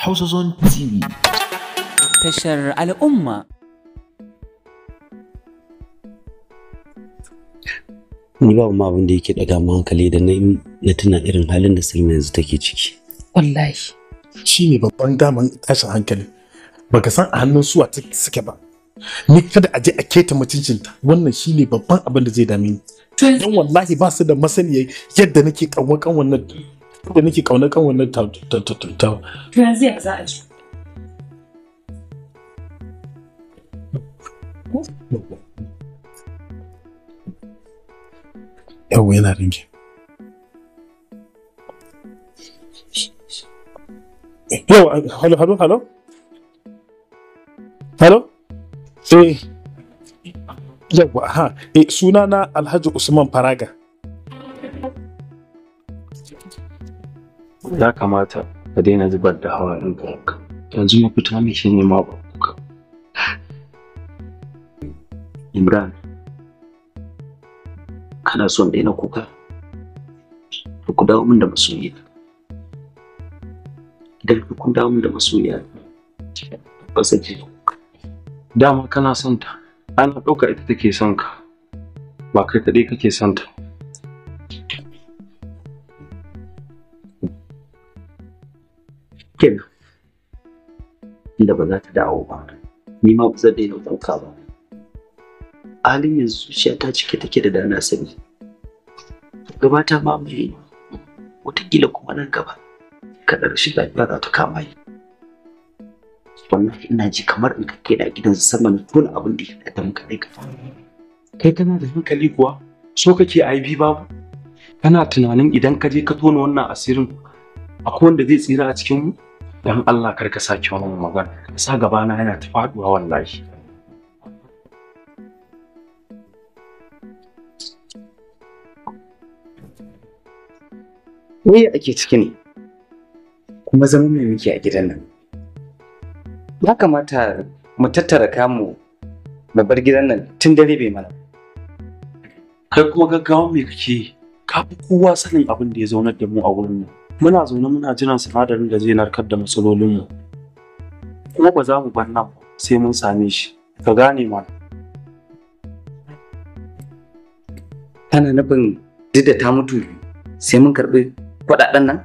Hausa TV. Tashar al'umma. Ni ba ma abin da yake daga mu hankali da na tuna irin halin da Salma yanzu take ciki. Wallahi. Shi ne babban daman tashin hankali. Baka san a hannun suwa ta suke ba. Ni kada a je a keta mutuncinta wannan shi ne babban abin da zai dame ni. Don wallahi ba su da masaniya yadda nake kanwa kan nan da nake kauna kan wannan tattautawa. To yanzu ya za a ji. Yawwa yana rinke. Yau, halo, halo, halo? Halo? Eh, yawwa, ha, eh, suna na Alhaji Usman Faraga. ya kamata ka daina zubar da hawa ɗin ka yanzu fita ne shi ne ma ba kuka imran kana son daina kuka to ku dawo min da masoyiya idan ku dawo min da masoyiya ba ki dama kana son ta ana ɗauka ita take son ka ba kai kaɗai kake son ta kenan inda ba za ta dawo ba ni ma ba zan daina ɗauka ba halin yanzu zuciya ta cike take da dana sani gabata ma mai watakila kuma nan gaba kada rashin lafiya za ta kama yi Wannan ina ji kamar in kake da gidan saman tun abin da ya ta muka aikata kai kana da hankali kuwa so kake yi babu kana tunanin idan ka je ka tona wannan asirin akwai wanda zai tsira a cikin mu dan Allah kar ka sake wannan magana sa gaba na yana ta faduwa wallahi me ake ciki ne kuma zama mai muke a gidan nan ya kamata mu tattara kamu bar gidan nan tun dare bai mana kai kuma gaggawa mai kake ka kowa sanin abin da ya zaunar da mu a wurin nan Muna zaune muna jiran sinadarin da zai narkar da matsalolinmu. Kuma ba za mu bar nan ba sai mun same shi, ka gane ma kana nufin duk da ta mutu sai mun karɓi kuɗaɗen nan?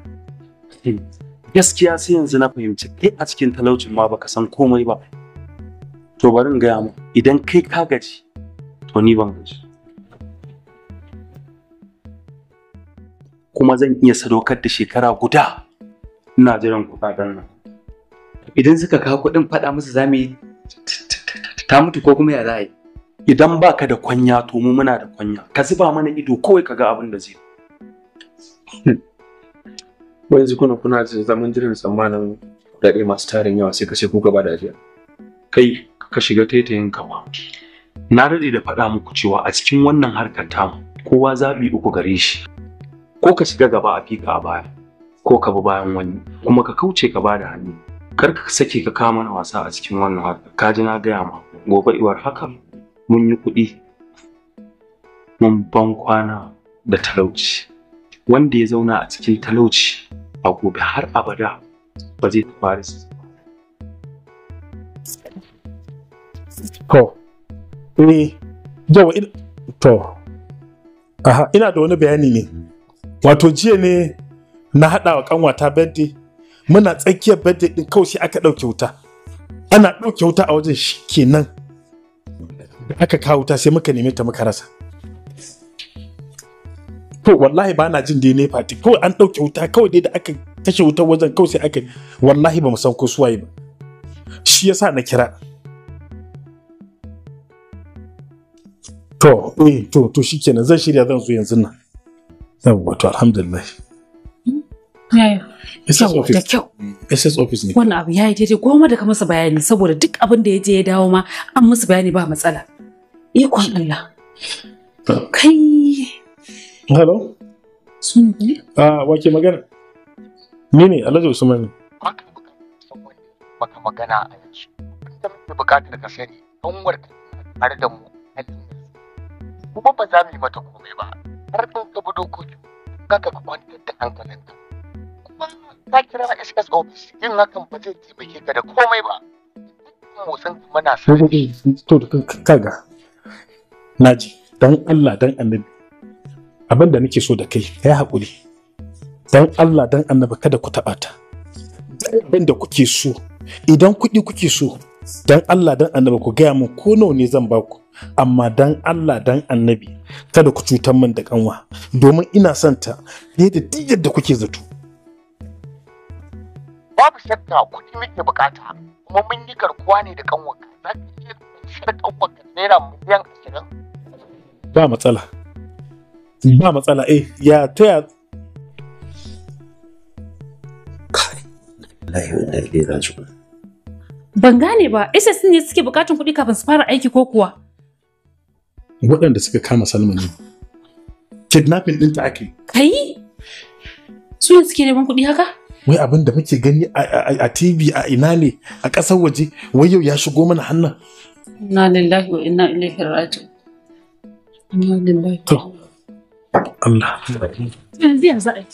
Hmm. Gaskiya sai yanzu na fahimci kai a cikin talaucin ma baka san komai ba. To bari in gaya ma idan kai ka gaji to ni ban gaji. kuma zan iya sadaukar da shekara guda ina jiran kuɗaɗen nan idan suka kawo kuɗin faɗa musu za mu yi ta mutu ko kuma ya za yi idan baka da kwanya to mu muna da kwanya ka zuba mana ido kawai ka ga abin da zai yanzu kuna kuna da zaman jiran tsammanin kuɗaɗe masu tarin yawa sai ka ce ku gaba da ajiya kai ka shiga taitayin kama na daɗe da faɗa muku cewa a cikin wannan harkar tamu kowa zaɓi uku gare shi ko ka shiga gaba a fika a baya ko ka bi bayan wani kuma ka kauce ka bada hannu kar ka sake ka kama na wasa a cikin wannan harka ka ji na gaya ma gobe iwar haka mun yi kuɗi mun ban kwana da talauci wanda ya zauna a cikin talauci a gobe har abada ba zai tafi To, ni, jawa, to, aha, ina da wani bayani ne. wato jiya ne na haɗa wa kanwata birthday muna tsakiyar birthday din kawai sai aka ɗauke wuta ana ɗauke wuta a wajen shi kenan da aka kawo wuta sai muka neme ta muka rasa to wallahi ba na jin dai ne fati kawai an ɗauke wuta kawai dai da aka kashe wutar wajen kawai sai aka wallahi ba mu san ko suwaye ba shi yasa na kira to eh to to shikenan zan shirya zan zo yanzu nan yawwa to alhamdulillah SS office. SS office ne. Wannan abu ya yi daidai goma da ka masa bayani saboda duk abin da ya je ya dawo ma an masa bayani ba matsala. Ikon Allah. Kai. Hello. Sun ne? Ah, wake magana. Ni ne Alhaji Usman ne. Maka magana a yanzu. Da muke bukatar ka sani, an warka har da mu. Kuma ba za mu yi mata komai ba. har mun ka budo kotu kaga ka kwantar da hankalinka kuma ka kira SS office yin hakan ba zai taimake ka da komai ba motsin muna sa to kaga naji dan Allah dan annabi abin da nake so da kai kai hakuri dan Allah dan annabi kada ku taɓa ta abin da kuke so idan kuɗi kuke so dan Allah dan annabi ku gaya min ko nawa ne zan baku amma dan Allah dan annabi kada ku cutar min da kanwa domin ina son ta ne da diyar da kuke zato babu shakka kuɗi muke bukata kuma mun yi garkuwa ne da kanwa za ki iya shirya kanwa naira miliyan ashirin ba matsala ba matsala eh ya taya kai la ilaha illa Ban gane ba, SS ne suke bukatun kuɗi kafin su fara aiki ko kuwa? Waɗanda suka kama Salma ne. Kidnapping ɗinta ake. Kai? Su ne suke neman kuɗi haka? Wai abin da muke gani a TV a ina ne a ƙasar waje, wai yau ya shigo mana hannun. Inna lillahi wa inna ilaihi raji'un. Inna lillahi. To, Allah. Yanzu ya za a yi.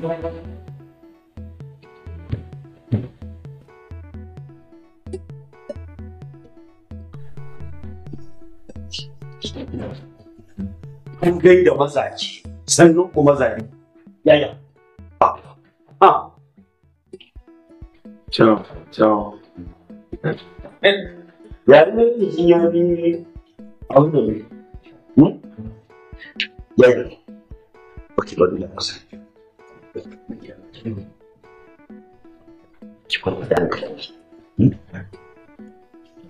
Kun gai da mazaje, sannan ku mazaje. Yaya? Ah, ah. Ciao, ciao. Eh, Yarinyar jiki ya bi abin da ne. Hmm? Yaya? Ok, ki kwanta da hankali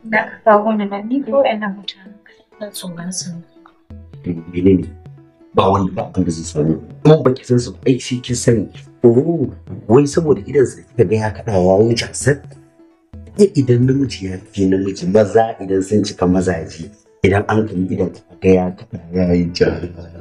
da aka kawo ni nan ni ina mutane kan tsoron sun mene ba wani ba abin da zai sami kuma ba ki san su ai shi kin sani wai saboda idan sa kika ga ya kada ya yi ya idan namiji ya fi namiji maza idan sun cika mazaje idan an kalli idan ka ga ya kada ya yi jasad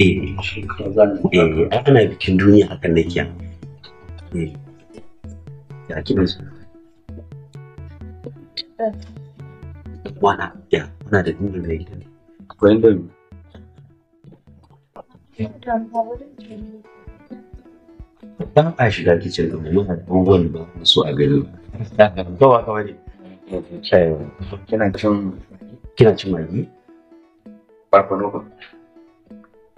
eh eh ana bikin duniya hakan na Ya eh ya kiɗan su wana ya wana da dindin mai gidan akwai indomi ba a shiga kicin da mu da abubuwan da ba so a gari ba wa kawai ne kina cin kina cin magi ba ko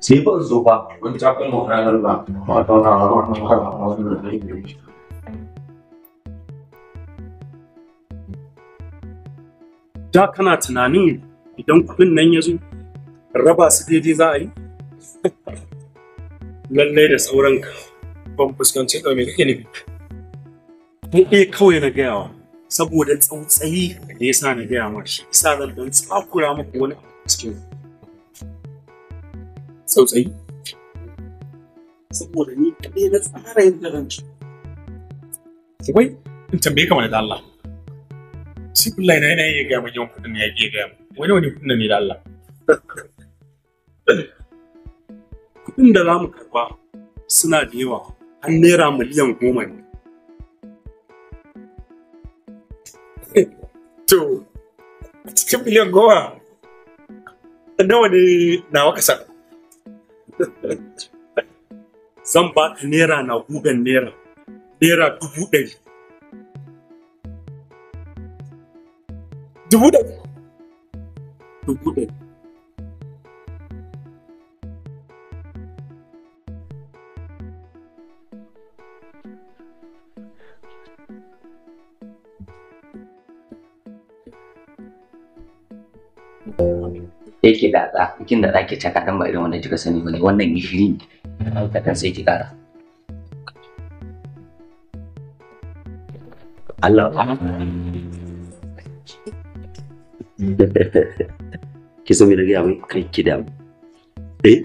sai ban zo ba wani na kana tunanin idan kuɗin nan ya zo raba su daidai za a yi lallai da sauran ka ban fuskanci ɗau mai kake nufi ɗaya kawai na gaya wa saboda tsautsayi da ya sa na gaya ma shi isa zan don tsakura muku wani cikin tsautsayi saboda ni kaɗai na tsara yadda zan ci wai in tambaye ka mana da Allah shi kullahi na yana iya gaya min yawan kuɗin ya ke gaya wani wani kuɗin ne da Allah kuɗin da za mu karba suna da yawa an naira miliyan goma ne to cikin miliyan goma nawa ne nawa ka zan ba ka naira na gugan naira naira dubu ɗari dubu ɗari dubu ɗari da bikin da ɗaki caka kaɗan ba irin wanda kika sani bane wannan gishiri ne kadan sai ki ƙara Allah ki so da gaya mai kai ki damu eh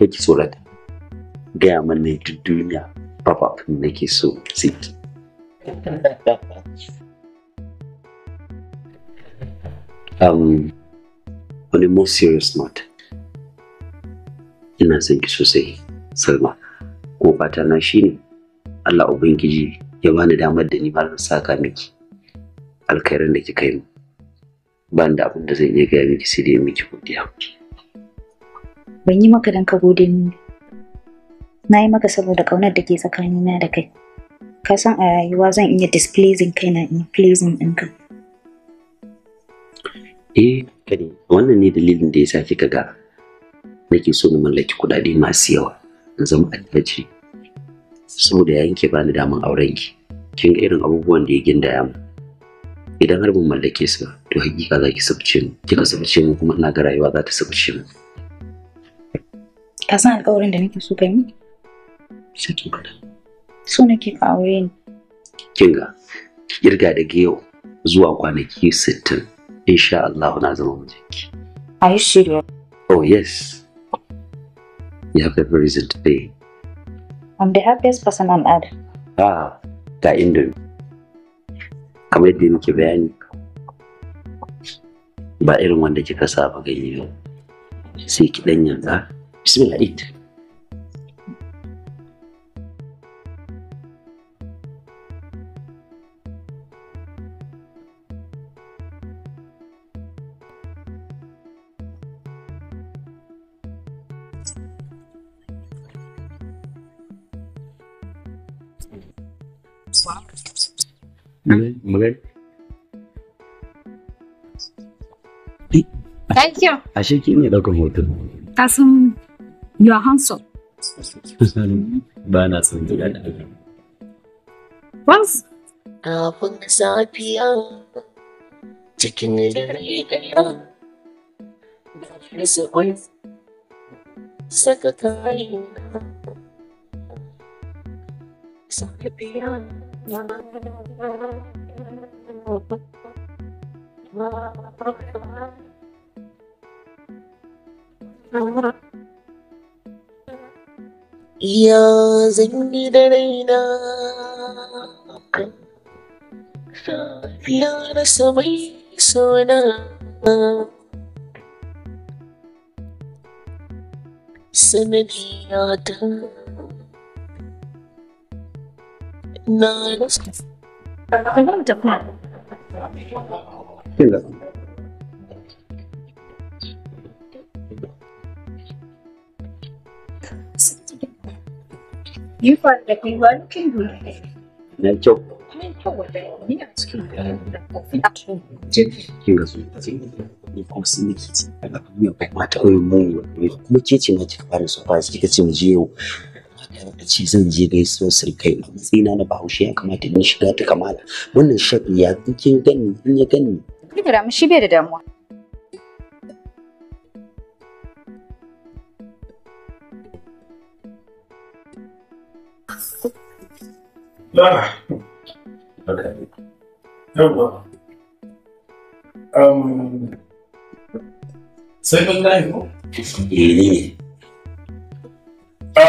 kai ki tsorata gaya man ne duk duniya Baba, abin da so sai um on a more serious note ina son ki sosai salma ko fata na shine Allah ubangiji ya bani damar da ni malam saka miki alkhairin da kika yi mu ban da abin da zan iya gaya miki sai dai miki godiya ban yi maka dan ka gode ni na yi maka saboda kaunar da ke tsakanina da kai ka san a rayuwa zan iya displeasing kaina in pleasing ɗinka. eh kani wannan ne dalilin da yasa kika ga nake so na mallaki kudade masu yawa in zama attajiri saboda yayin ke bani daman auren ki kin ga irin abubuwan da ya gindaya mu idan har mun mallake su to hakika za ki sabce mu kika sabce mu kuma ina ga rayuwa za ta sabce mu ka san alƙawarin da nake so kai mu sai kin kada so nake ka aure ni kin ga kirga daga yau zuwa kwanaki sittin insha Allah na zama mijinki are you serious oh yes you have every reason to be I'm the happiest person on earth ah ga indo. kamar yadda muke bayani ba irin wanda kika saba gani ba sai ki dan yanzu bismillah ita. Magani. Thank you. Ashe ki ne ɗaukan hoto. Ka san you Ba na son gida da haka. Once. Abin safiya cikin dare ɗaya. Saka kayan safiya. Ya zanyi da raina Ya rasa mai sona Sanadiyata Na gaske. Akwai ba mu tafiya. You find that we can do Na kyau. ni a cikin na kika mu je yau. a ce zan je so sirkai a matsayina na bahaushe ya kamata in shiga ta kamala wannan shafi ya kin gani in ya gani kada da shi bai da damuwa Lara, yawwa, sai ban layi ko? Eh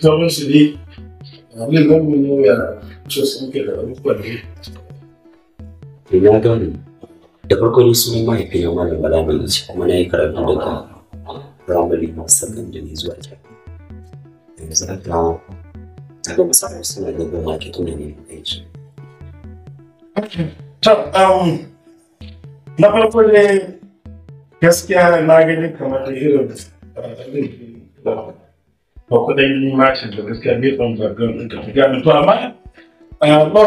sauran su dai abin nan mun yi ya so sun ke da Na gani da farko ne sunan mahaifin ya wani bala mai ci kuma na yi karatu daga ramari masu gandun zuwa can. Yanzu haka ta ga musamman suna da goma ke tuna ne da yanzu. Um, na farko ne gaskiya na gani kamar irin uh, da ba kuɗin limacin da gaskiya ne tsan zargan ɗin ka fi to amma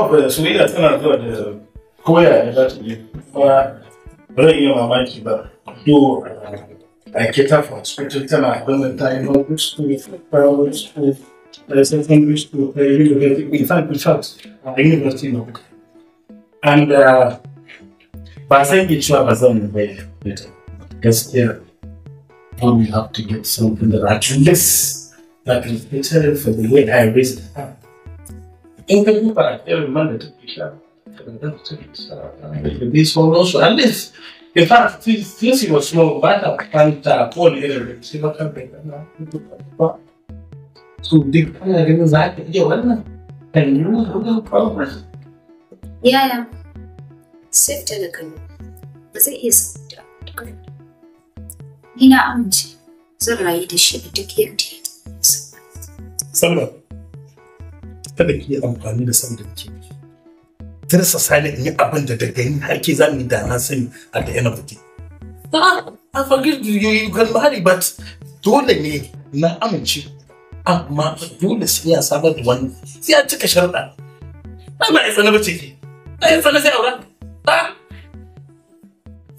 ba soyayya tana zuwa da koya ya za ta yi kuma ba yi mamaki ba to a kita for hospital tana gwamnan ta yi normal school primary school eh, secondary school eh, university in fact in fact a da. na and uh, ba san ke cewa ba zan bai gaskiya we have to get something that at least Notification for the way I raised her. In the book, I can remember to pick up. This one also, and this. In fact, since he was small, but I can't uh, call it. She got a bit. So, the kind of things I can do, and you know, progress. Yeah, yeah. Safety da kai ba zai iya sauta da kai. Ni na amince zan rayu da shi a duk yadda Sabida, kada ki yi amfani da sabida ke ke. Tirsa sani in yi abin da daga yi har za mu yi da na sani a da yana fiti. I forgive you, you can marry, but dole ne na amince. Amma dole sai ya samar da wani sai ya cika sharuɗa. Ai ba ya tsana ba ce ke. Ai ya tsana sai aura. Ah!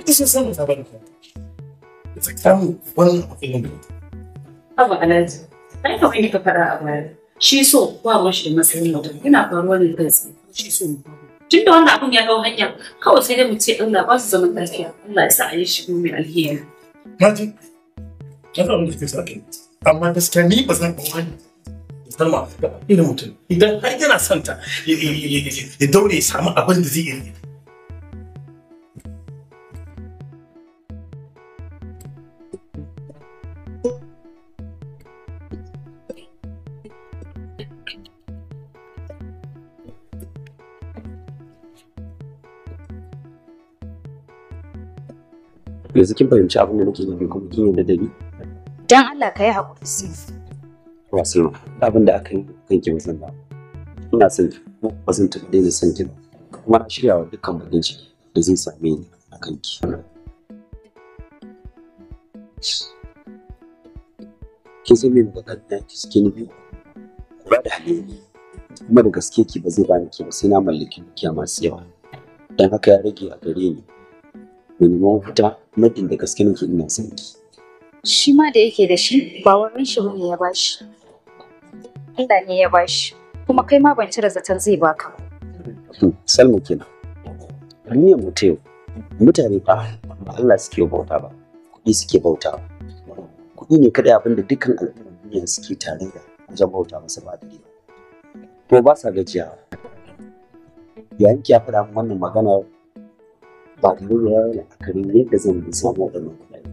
ita ce sanin sabon ta ita kan wannan abin da abu alhaji fara a baya shi so ba mashi da matsayin mutum faruwa ne shi so tun da wannan abun ya kawo hanya kawai sai ba su lafiya Allah ya sa a yi shi mai na amma gaskiya ni mutum idan har yana santa ya daure ya samu abin da zai iya yanzu kin fahimci abin da nake nufi kuma kin yarda da ni dan Allah ka yi haƙuri Silva wa Silva abin da aka yi kan ki musan da ina son ba zan tafi daina son ki kuma na shirya wa dukkan bakin ciki da zan same ni a kan ki. kin san me magana da ki suke nufi ba da halin kuma da gaske ki ba zai bani ki ba sai na mallaki dukiya masu yawa dan haka ya rage a gare ni neman huta muddin da gaske nake ina son ki shi ma da yake da shi ba wurin shi ne ya bashi Allah ne ya bashi kuma kai ma ban cire zaton zai baka hmm, salmu kenan duniyar mu ta yau mutane ba ba Allah suke bauta ba kuɗi suke bauta ba. kuɗi ne kaɗai abin da dukkan al'ummar duniya suke tare da wajen bauta masa ba dare ko ba sa gajiya yayin ki ya faɗa wannan maganar ba tare da yawan la'akarin yadda zan bi samu waɗannan kuɗaɗe.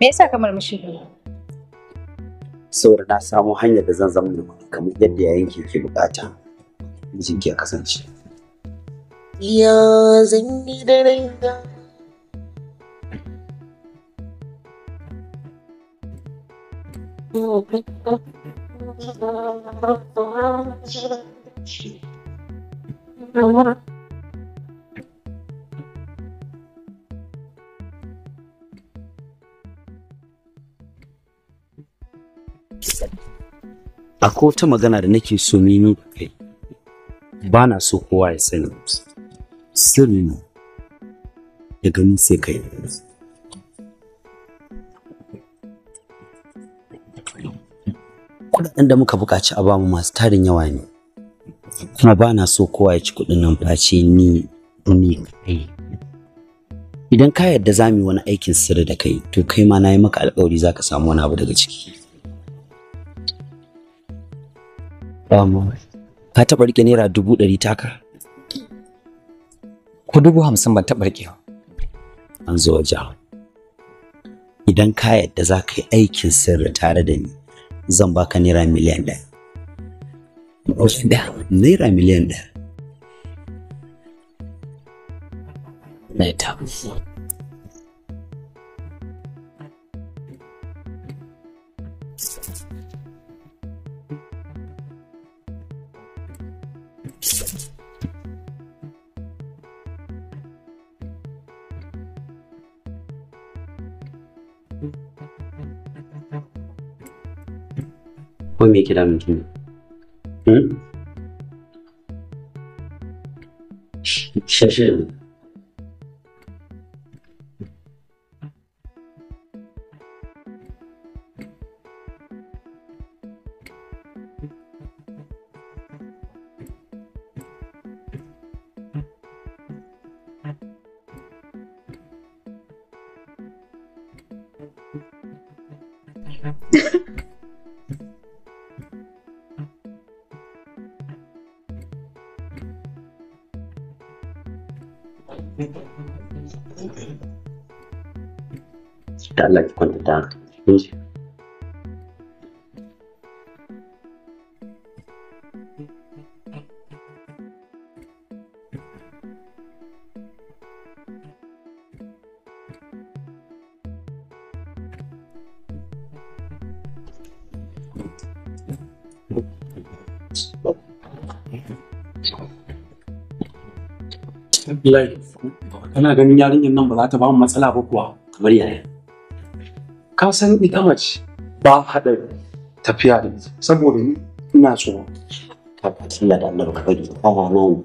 Me yasa ka murmushi Saboda na samo hanyar da zan zama kamar yadda yayin ke ke bukata mijinki ya kasance. Ya zan yi da raina Mm-hmm. Akwai wata magana da nake so mimi kai, ba na so kowa ya sani, sirri daga ni sai kai. kuɗaɗen da muka buƙaci a bamu masu tarin yawa ne kuma ba na so kowa ya ci kuɗin nan face ni ni kai idan ka yarda za mu yi wani aikin sirri da kai to kai ma na yi maka alƙawari za ka samu wani abu daga ciki ka taɓa riƙe naira dubu ɗari taka ko dubu hamsin ban taɓa riƙewa an zo wajen idan ka yarda za ka yi aikin sirri tare da ni zambaka naira miliyan ɗaya. Naira miliyan ɗaya. wai me yake damun ki ne? Hmm? Shashe. Allah ki kwanta da haka Bilal, kana ganin yarinyar nan ba za ta ba mu matsala ba kuwa? Kamar yaya? ka san ita mace ba haɗa tafiya da ita saboda ni ina tsoro ka ba da annabi ka bari ka ba nan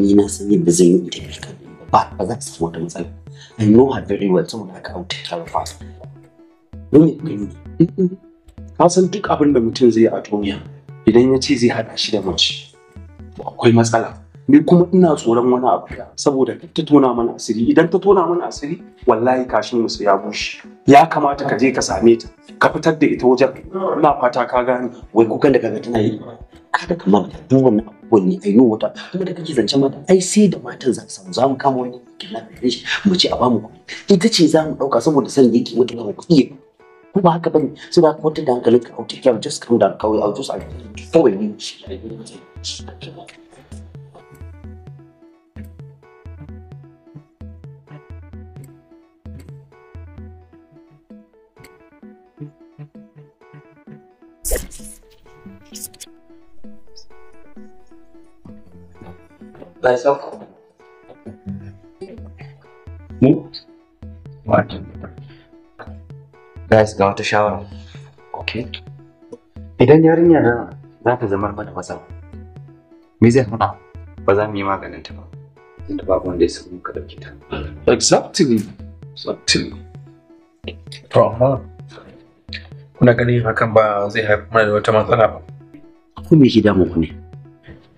ni na san yadda zan yi ita ka ba ba za su wata matsala i know her very well saboda haka auta ta rufa don ya gani ka san duk abin da mutum zai yi a duniya idan ya ce zai haɗa shi da mace akwai matsala ni kuma ina tsoron wani abu saboda ta tona mana asiri idan ta tona mana asiri wallahi kashin musu ya bushe ya kamata ka je ka same ta ka fitar da ita wajen ina fata ka gane wai kukan da kaga tana yi kada ka mama duba mu abubuwan ne a yi wata kuma da kake zance mata ai sai da matan za samu za mu kama wani kila da shi mu ce a ba mu kuɗi ita ce za mu ɗauka saboda sanin yake mata na kuɗi ko ba haka bane sai da kwantar da hankalinka a take care a just come down kawai I'll just kawai ni thyself. Hmm? What? Guys, ga wata shawara. Okay. Idan yarinya na za ta zama mata wasa. Me zai hana? Ba za mu yi maganin ta ba. Tunda babu wanda ya sabu muka dauki ta. Exactly. Exactly. To amma kuna ganin hakan ba zai haifar mana da wata matsala ba. Ku me ke damu ku ne?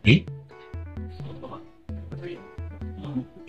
Eh?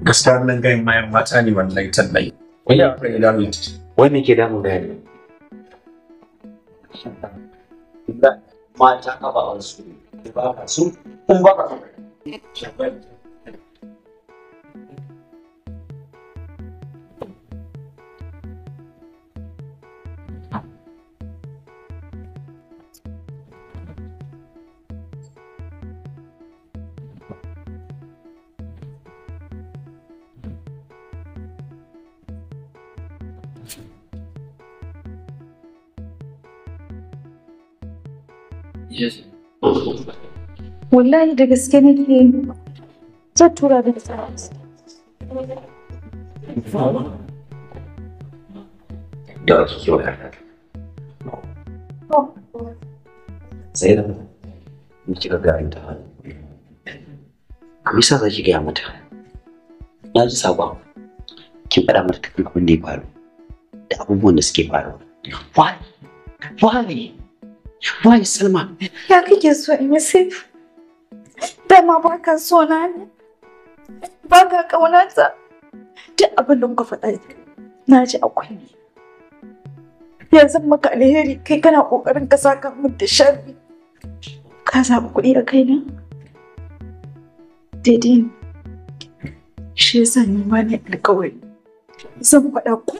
gaskiya nan gani mayan mata ne wallahi tallahi wani ya fara ila ne wai me ke damun da ne mata ka ba su ba ka su kun ba ka su je wallahi da gaske nake zan tura da da kike magana oh. sai da ta me sa za ki gaya mata na ji sakon kin faɗa mata kan abin da ya faru da abubuwan da suke faruwa why why Wai Salma. Ya kake so in yi safe? Dama ba ka so na ne. Ba ka ƙaunata. Duk abin da muka faɗa na ji akwai ne. Yanzu maka alheri kai kana ƙoƙarin ka saka min da sharri. Ka zaɓi kuɗi a kaina? Daidai ne. Shi yasa ni ma ne alƙawari. Zan faɗa ko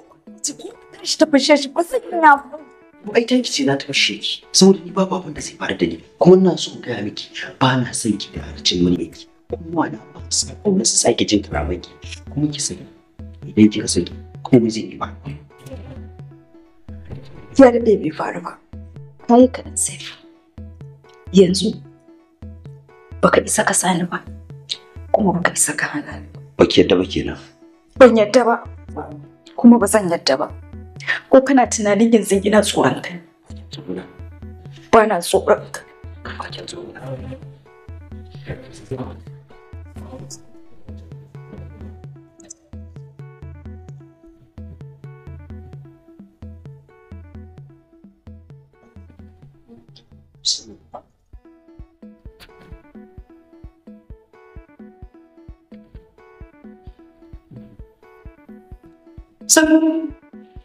ta fashe shi ba sai ina ba. ai tanki ce za ta kashe ki saboda ni babu da zai fara da ni kuma ina so in gaya miki ba na son ki da harcin wani yake kuma na ba su kauna su sake jin karamar ki kuma ki sani idan kika sani kuma zai yi ba. Ya daɗe bai faru ba. Hankalin sai yanzu baka isa ka sani ba kuma baka isa ka hana Ba ki yadda ba kenan. Ban yadda ba kuma ba zan yadda ba. ko kana tunanin yanzu ina tsoron kai ba na tsoron ka Thank you.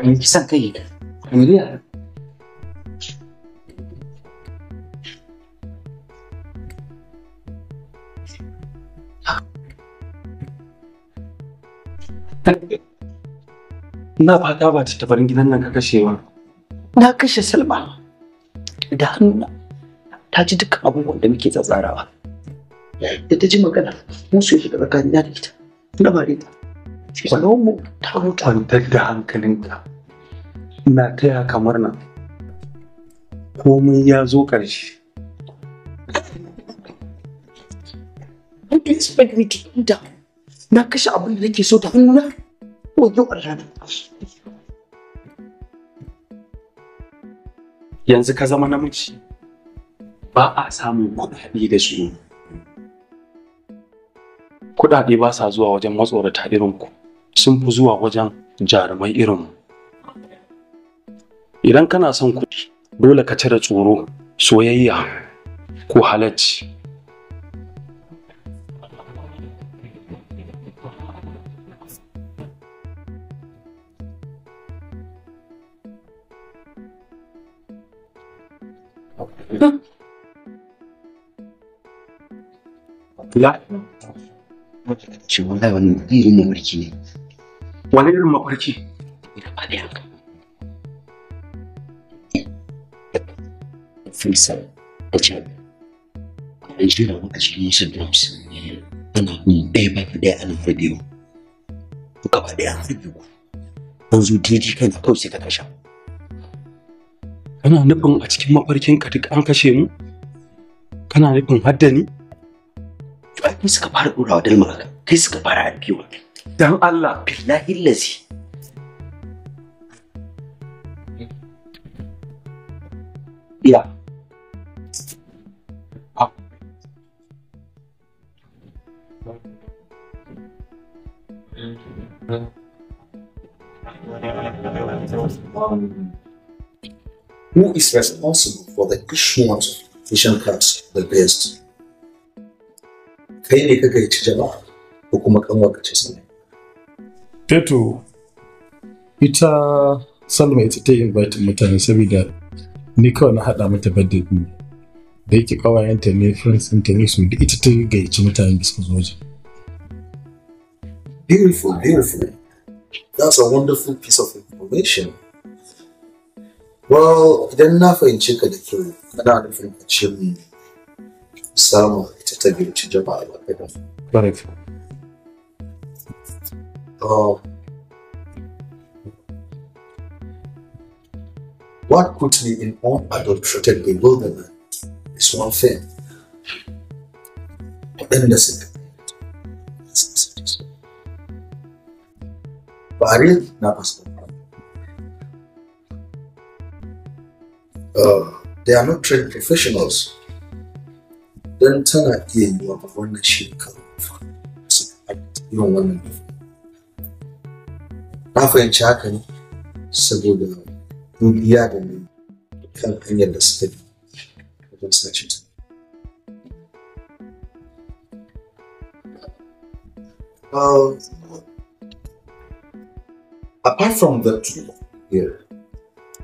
Ki san kai Na fata ba ta tabarin gidan nan ka kashe ba. Na kashe Salma da hannuna ta ji dukkan abubuwan da muke tsatsarawa. Da ta ji magana musu yi shiga da ita. Na bare ta. ta mutu. Kwantar da hankalinka. ina taya kamar nan komai ya zo ƙarshe How ya you expect me Na kashe abin da nake so ta hannuna? ko Wajen a rana. Yanzu ka zama namiji ba a samun kuɗaɗe da su. Kuɗaɗe ba sa zuwa wajen matsorata irinku, sun fi zuwa wajen jarumai irinmu. Idan kana son kuɗi, dole ka cire tsoro, soyayya ko halacci. Ya? irin mafarki ne. Wani irin mafarki? Ina Faisal a kun ba ka an zo na ka Kana nufin a cikin mafarkin ka duk an kashe mu? Kana nufin hadda ni? Ai kai suka fara ɗorawa dalma kai suka fara harbewa. Dan Allah. Billahi lazi. Yeah. Who is responsible for the issuance of vision cards the best? Kai ne kaga ci jama'a ko kuma kanwa ka ci sanai? Feto, ita Salma ita ta invite mutane saboda ni kawai na haɗa mata ne, da yake ƙawayenta ne friends ɗinta da ita ta gayyaci mutane da suka zo wajen. Beautiful, beautiful. That's a wonderful piece of information. Well, idan na fahimci ka da kyau, kana nufin a ce mu samu ita ta gilci jama'a ba kai Correct. what uh, puts me in all unadulterated bewilderment is one thing. But then there's Arif na Pastor. Uh, they are not trained professionals. Don tana iya yiwa wannan shekaru su irin wannan Na fahimci haka ne saboda dubiya da ne kan hanyar da suka bi wajen sace ta. Uh, apart from the two here,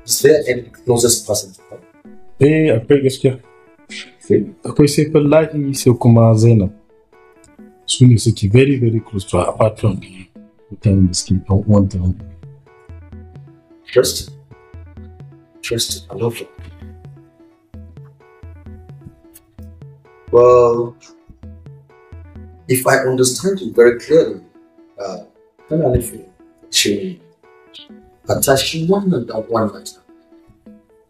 is there any closest person to come? Eh, akwai gaskiya. Akwai sai Fallahi sai kuma Zainab. Su ne suke very very close to her apart from the mutanen da suke ɗan uwan ta wani. Trust. Trust. I love you. Well, if I understand you very clearly, uh, kind of she hatta shi wannan dan uwan nata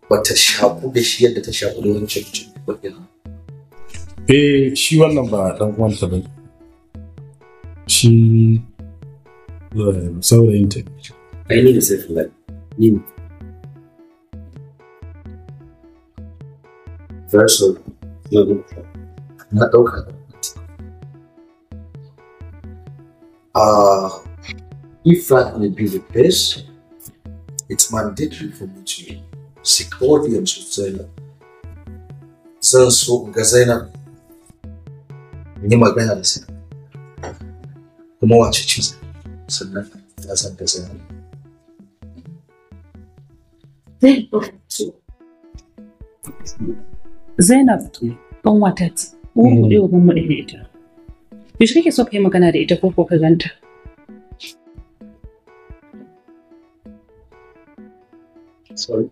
bata shaku da shi yadda ta shaku da wancan mutum ba eh shi wannan ba dan uwanta ba shi eh, saurayin ta ai ne da sai fulani ni ne verso na ɗauka da Uh, if that may be the case, it's mandatory for me to seek audience with Zainab. Zan so ga Zainab yi magana da sai kuma wace ce sannan ta san ta Zainab. Zainab ɗan wata ce, ko mu mm. ɗaya ban mu You ita. Yaushe kake so ka yi magana da ita ko sorry.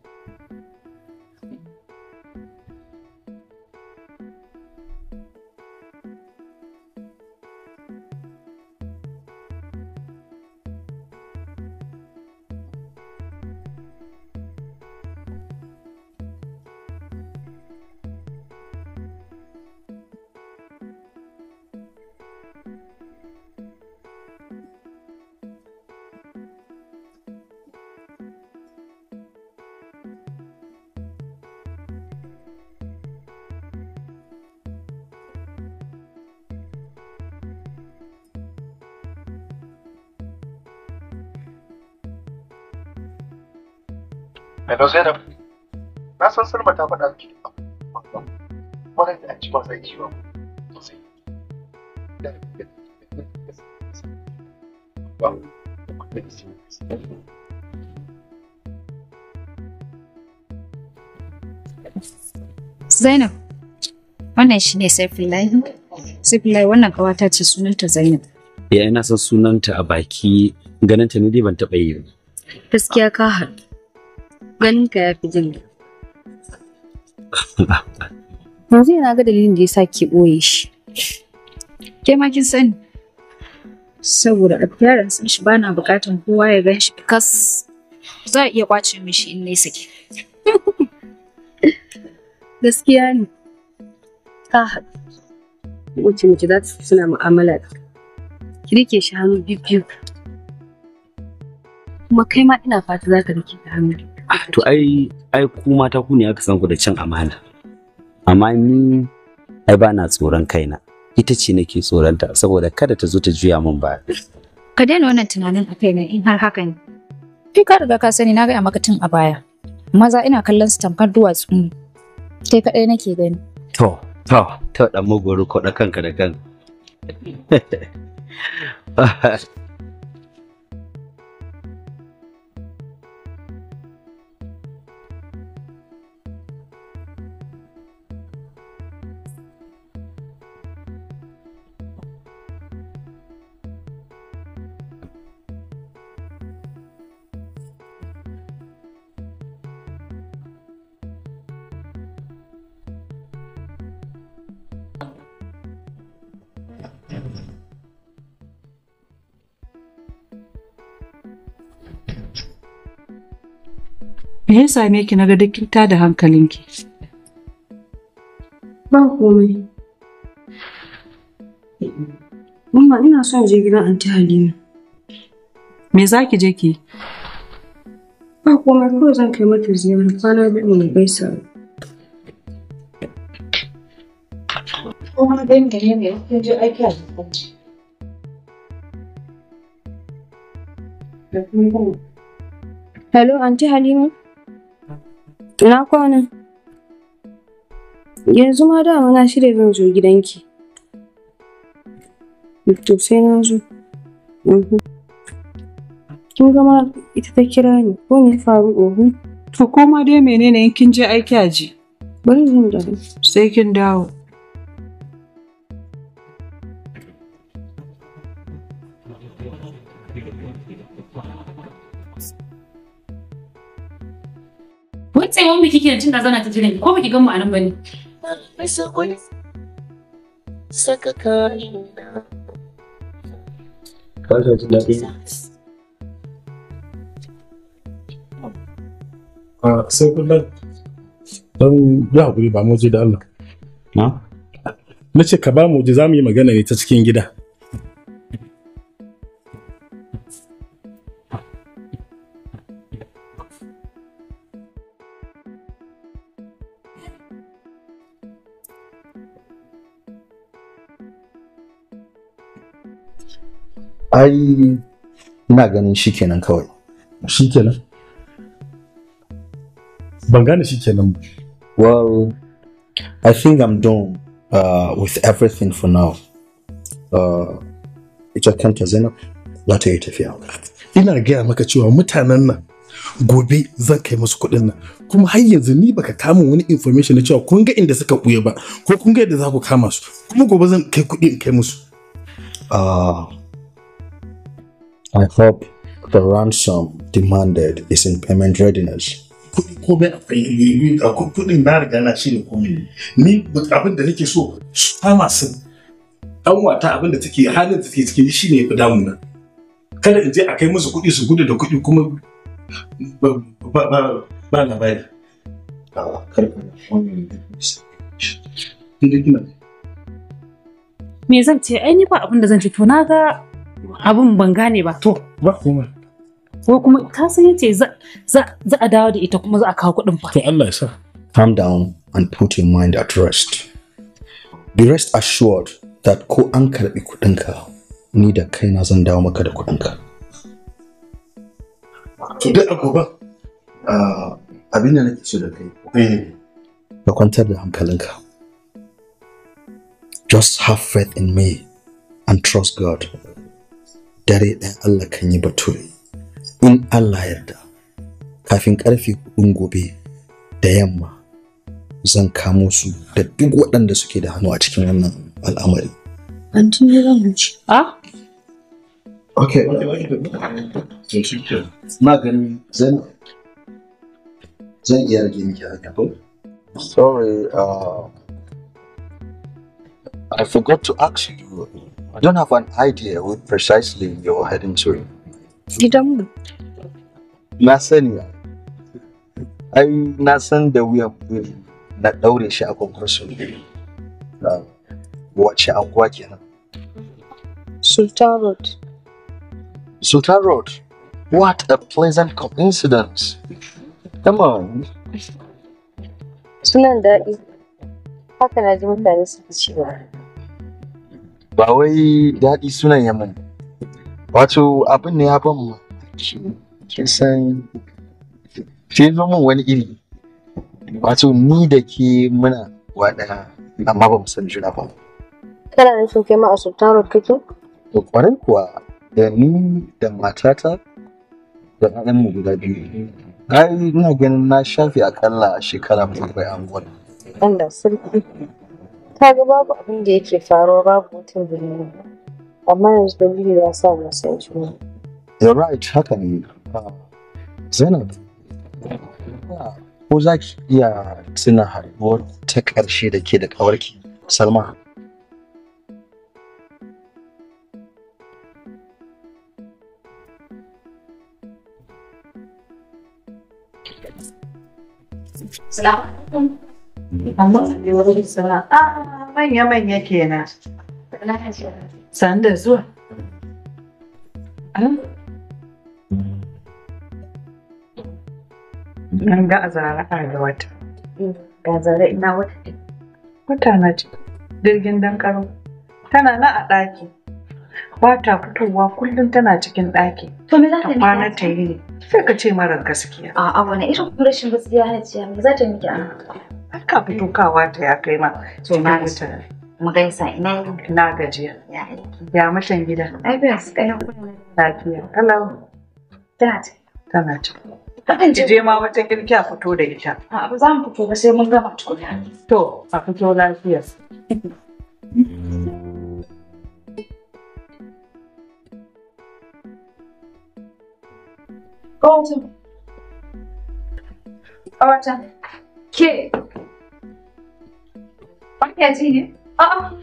Hello Zainab. Na san Salma ta faɗa miki Wannan da an ci ba zai ci ba. Sosai. Ba. Zainab, wannan shi ne Saifullahi. Saifullahi wannan kawata ce sunanta Zainab. Ya ina son sunanta a baki ganin ta ne dai ban taɓa yi ba. Gaskiya ka haɗu. ganin ka yafi jin yanzu yana ga dalilin da ya sa ke ɓoye shi ke ma kin sani saboda appearance shi ba na bukatan kowa ya gan shi kas za a iya kwace mishi in nesa ke gaskiya ne ka haɗu wacce mace za ta suna mu'amala da ki rike shi hannu biyu biyu kuma kai ma ina fata za ka rike da hannu to ai ai ku mata ku ne aka san ku da cin amana amma ni ai ba na tsoron kaina ita ce nake ta saboda kada ta zo ta juya min ba ka daina wannan tunanin a kaina in har haka ne kai ka riga ka sani na gaya maka tun a baya maza ina kallon su tamkar duwatsu kai kaɗai nake gani to to to dan magoro ko da kanka da kanka Me ya same ki na ga duk kin da hankalinki? Ba komai. Umma ina son je gidan Anti Halima. Me za ki je ki? Ba komai ko zan kai mata ziyara kwana biyu mu gaisa. ne aiki a Hello, Aunty Halima. Ina kwana? Yanzu ma dama na shirya zan zo gidanki. To sai na zo. Mhm. Kin gama ita ta kira ni ko me faru ohu? To koma dai menene kin je aiki aji? Bari zan dawo. Sai kin dawo. kai wani biki ke da tunda zauna ta jiran ko biki gan mu anan bane saka kayan na ka ji daɗi a sai kullum don ya hakuri ba mu da Allah na na ce ka ba mu je za mu yi magana ne ta cikin gida ai ina ganin shi kenan kawai shi kenan ban gane shi kenan well i think i'm done uh, with everything for now uh, ita kanta zainab za ta yi tafiya ina gaya maka cewa mutanen nan gobe zan kai musu kuɗin nan kuma har yanzu ni baka kama wani information na cewa kun ga inda suka ɓuya ba ko kun ga yadda za ku kama su kuma gobe zan kai kuɗi in kai musu uh, I hope the ransom demanded is in payment readiness. Kuɗi komai akwai kuɗin na riga na shi ne komai. Ni abin da nake so su kama su ɗan wata abin da take halin da take ciki shi ne ya fi damu damuna. Kada in je a kai musu kuɗi su gudu da kuɗi kuma ba na labari. Me zan ce, ai ni ba abin da zan ce to na ga abin ban gane ba to ba kuma ko kuma ka san yace za a dawo da ita kuma za a kawo kuɗin fa to Allah ya sa calm down and put your mind at rest be rest assured that ko an karbi kuɗinka ni da kaina zan dawo maka da kuɗinka to da agoba abin da nake so da kai eh. ka kwantar da hankalinka just have faith in me and trust God dare ɗaya Allah kan yi bature in Allah yarda kafin ƙarfe hudun gobe da yamma zan kamo su da duk waɗanda suke da hannu a cikin wannan al'amari. An tun yi zan wuce. A? Ok. Na ganin zan zan iya rage miki haka ko? Sorry, uh, I forgot to ask you. I don't have an idea what precisely you're heading to. You don't? Idan na sani that na san da wuyan biri na daure shi a kwankwarsun wace anguwa kenan. Sultan Road. Sultan Road? What a pleasant coincidence. Come on. Sunan daɗi. Haka na ji mutane suka cewa. ba wai daɗi sunan ya mun wato abin ne ya ban mu kin san sai zo min wani iri wato ni da ke muna waɗa amma ba mu san juna ba kana nufin kai ma a sultan road kake to kwarai kuwa da ni da matata da ɗan mu guda biyu ai ina ganin na shafi akalla shekara bai an gwada Allah sarki ta ga babu abin da yake faruwa babu wata duniya amma yanzu da biyu ya sa mu san juna you're right haka ne ah, zainab ah, ko za ki iya tuna haɗuwar ta ƙarshe da ke da ƙawarki salma Salamu amma a sana'a a manya-manya kenan san da zuwa an ga a zara a ga wata ga zara ina wata wata na ce jirgin dan karo tana na a ɗaki Wata fitowa kullum tana cikin ɗaki to me za ta kwana ta yi ne, sai ka ce marar gaskiya a'a wani irin rashin gaskiya ne ce me za ta yi a Haka kawa ta ya kai ma. So na mutu. Mu gaisa ina yi. Na gajiya. Ya aiki. Ya mashan gida. Ai ba su kana kullum. Lafiya. Kalau. Tana ta. Tana ta. Kakan ji je ma wata girki a fito da ita. A ba za mu fito ba sai mun gama tukuna. To, a fito lafiya. Ƙawata. Ƙawata. Ke Ya ji ne? A'a.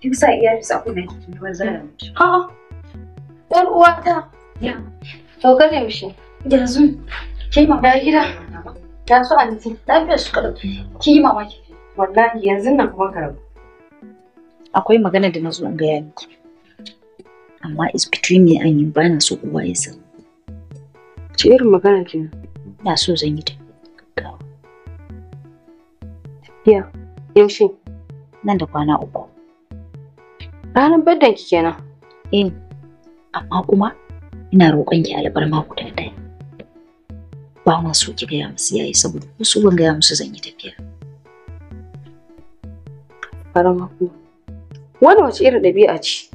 Kin sa iya fisa ku ne cikin ruwan zara mutu. A'a. Ɗan uwata. Ya. To ka ne mishi. Yanzu. Ki ma da gida. Ya so anti. Lafiyar shi kaɗau. Ki yi mamaki. Wallahi yanzu nan kuma ka Akwai magana da na zo in gaya miki. Amma it's between me and you ba na so kowa ya san. Ce irin magana kenan? Na so zan yi ta. Yeah. Yaushe? Nan da kwana uku. Ranar birthday ki kenan. Eh. Amma kuma ina roƙon ki albarma guda ɗaya. Ba mun so ki gaya musu yayi saboda su ban gaya musu zan yi tafiya. Karama kuma. Wannan wace irin ɗabi'a ce?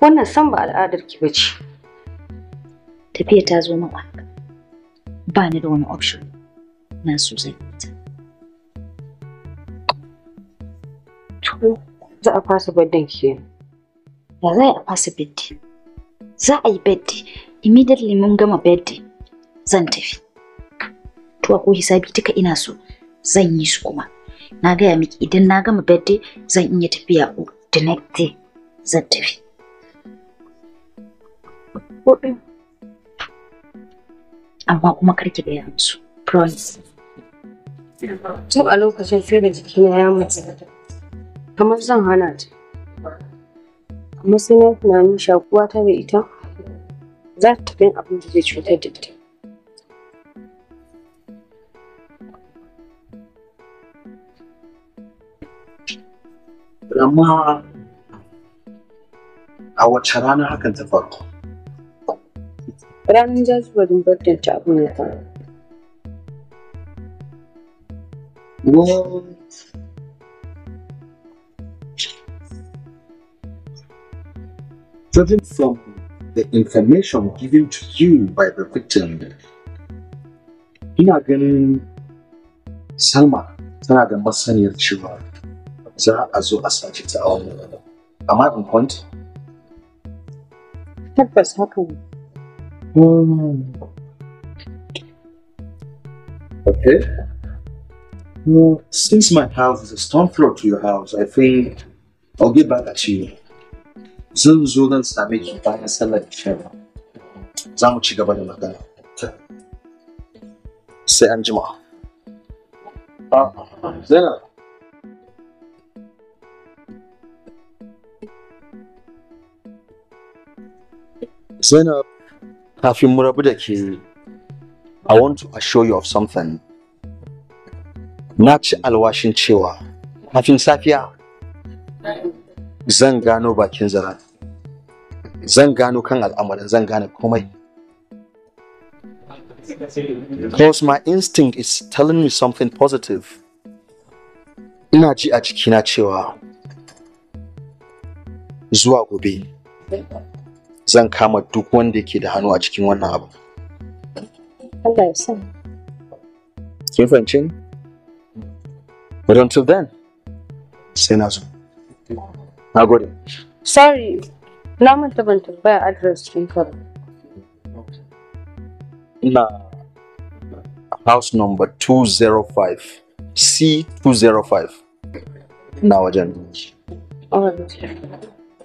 Wannan san ba al'adar ki ba ce. Tafiya ta zo min ba ni da wani option. Na so zan ta. To, za a fasa birthday ke. Ya za a fasa birthday? Za a yi birthday. Immediately mun gama birthday. Zan tafi. To, ko hisabi duka ina so. Zan yi su kuma. Na gaya miki idan na gama birthday zan iya tafiya the next day. Zan tafi. Amma kuma karki da yanzu. Promise. Tun a lokacin sai da jikina ya mutu. kamar zan hana ta amma sai na tunanin shakuwa ta da ita za ta bin abin da zai cutar da ita amma a wacce rana hakan ta faru ranar jajibarin birthday ta abu ya faru driven from the information given to you by the victim ina ganin salma tana da masaniyar cewa za a zo a sake ta a am I on point? Tabbas was happening? Hmm. Okay. Well, since my house is a stone floor to your house, I think I'll get back at you. zan zo zan same ki bayan sallar isha ba za mu ci gaba da magana sai an jima ah, zainab zainab kafin mu rabu da ke i want to assure you of something na ci alwashin cewa kafin safiya zan gano bakin zarafi. zan gano kan al'amarin zan gane komai because my instinct is telling me something positive ina ji a cikina cewa zuwa gobe zan kama duk wanda yake da hannu a cikin wannan abu Allah ya sa kin fahimci but until then sai na zo na gode sorry Na manta ban tambaya address ɗin ka Ina house number 205 C205 na wajen.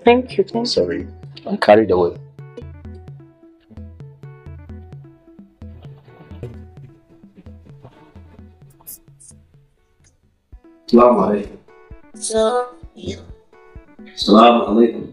thank you. Thank you. Sorry, I'm carried away. Assalamu alaikum. Salamu alaikum.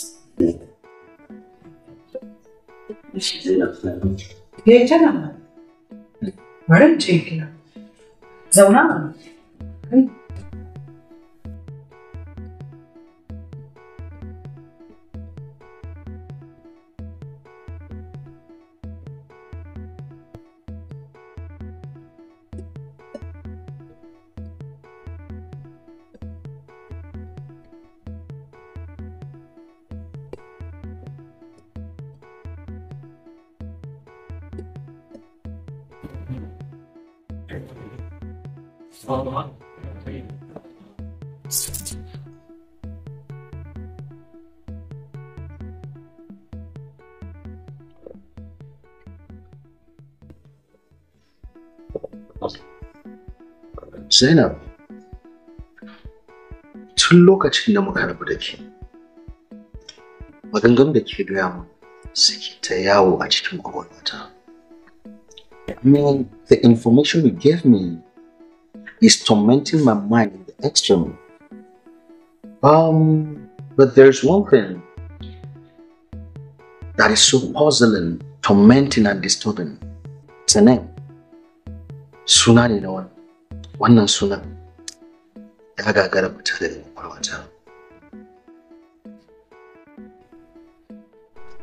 Yaita nan ba. Bari in ce Zauna Zainab, tun lokacin da muka rabu da ke, maganganun da ke gaya mu suke ta yawo a cikin kwakwalwata. I mean, the information you gave me is tormenting my mind in the extreme. Um, but there's one thing that is so puzzling, tormenting, and disturbing. It's a name. Suna ne na wannan sunan ya gagara fita daga kwakwalwata.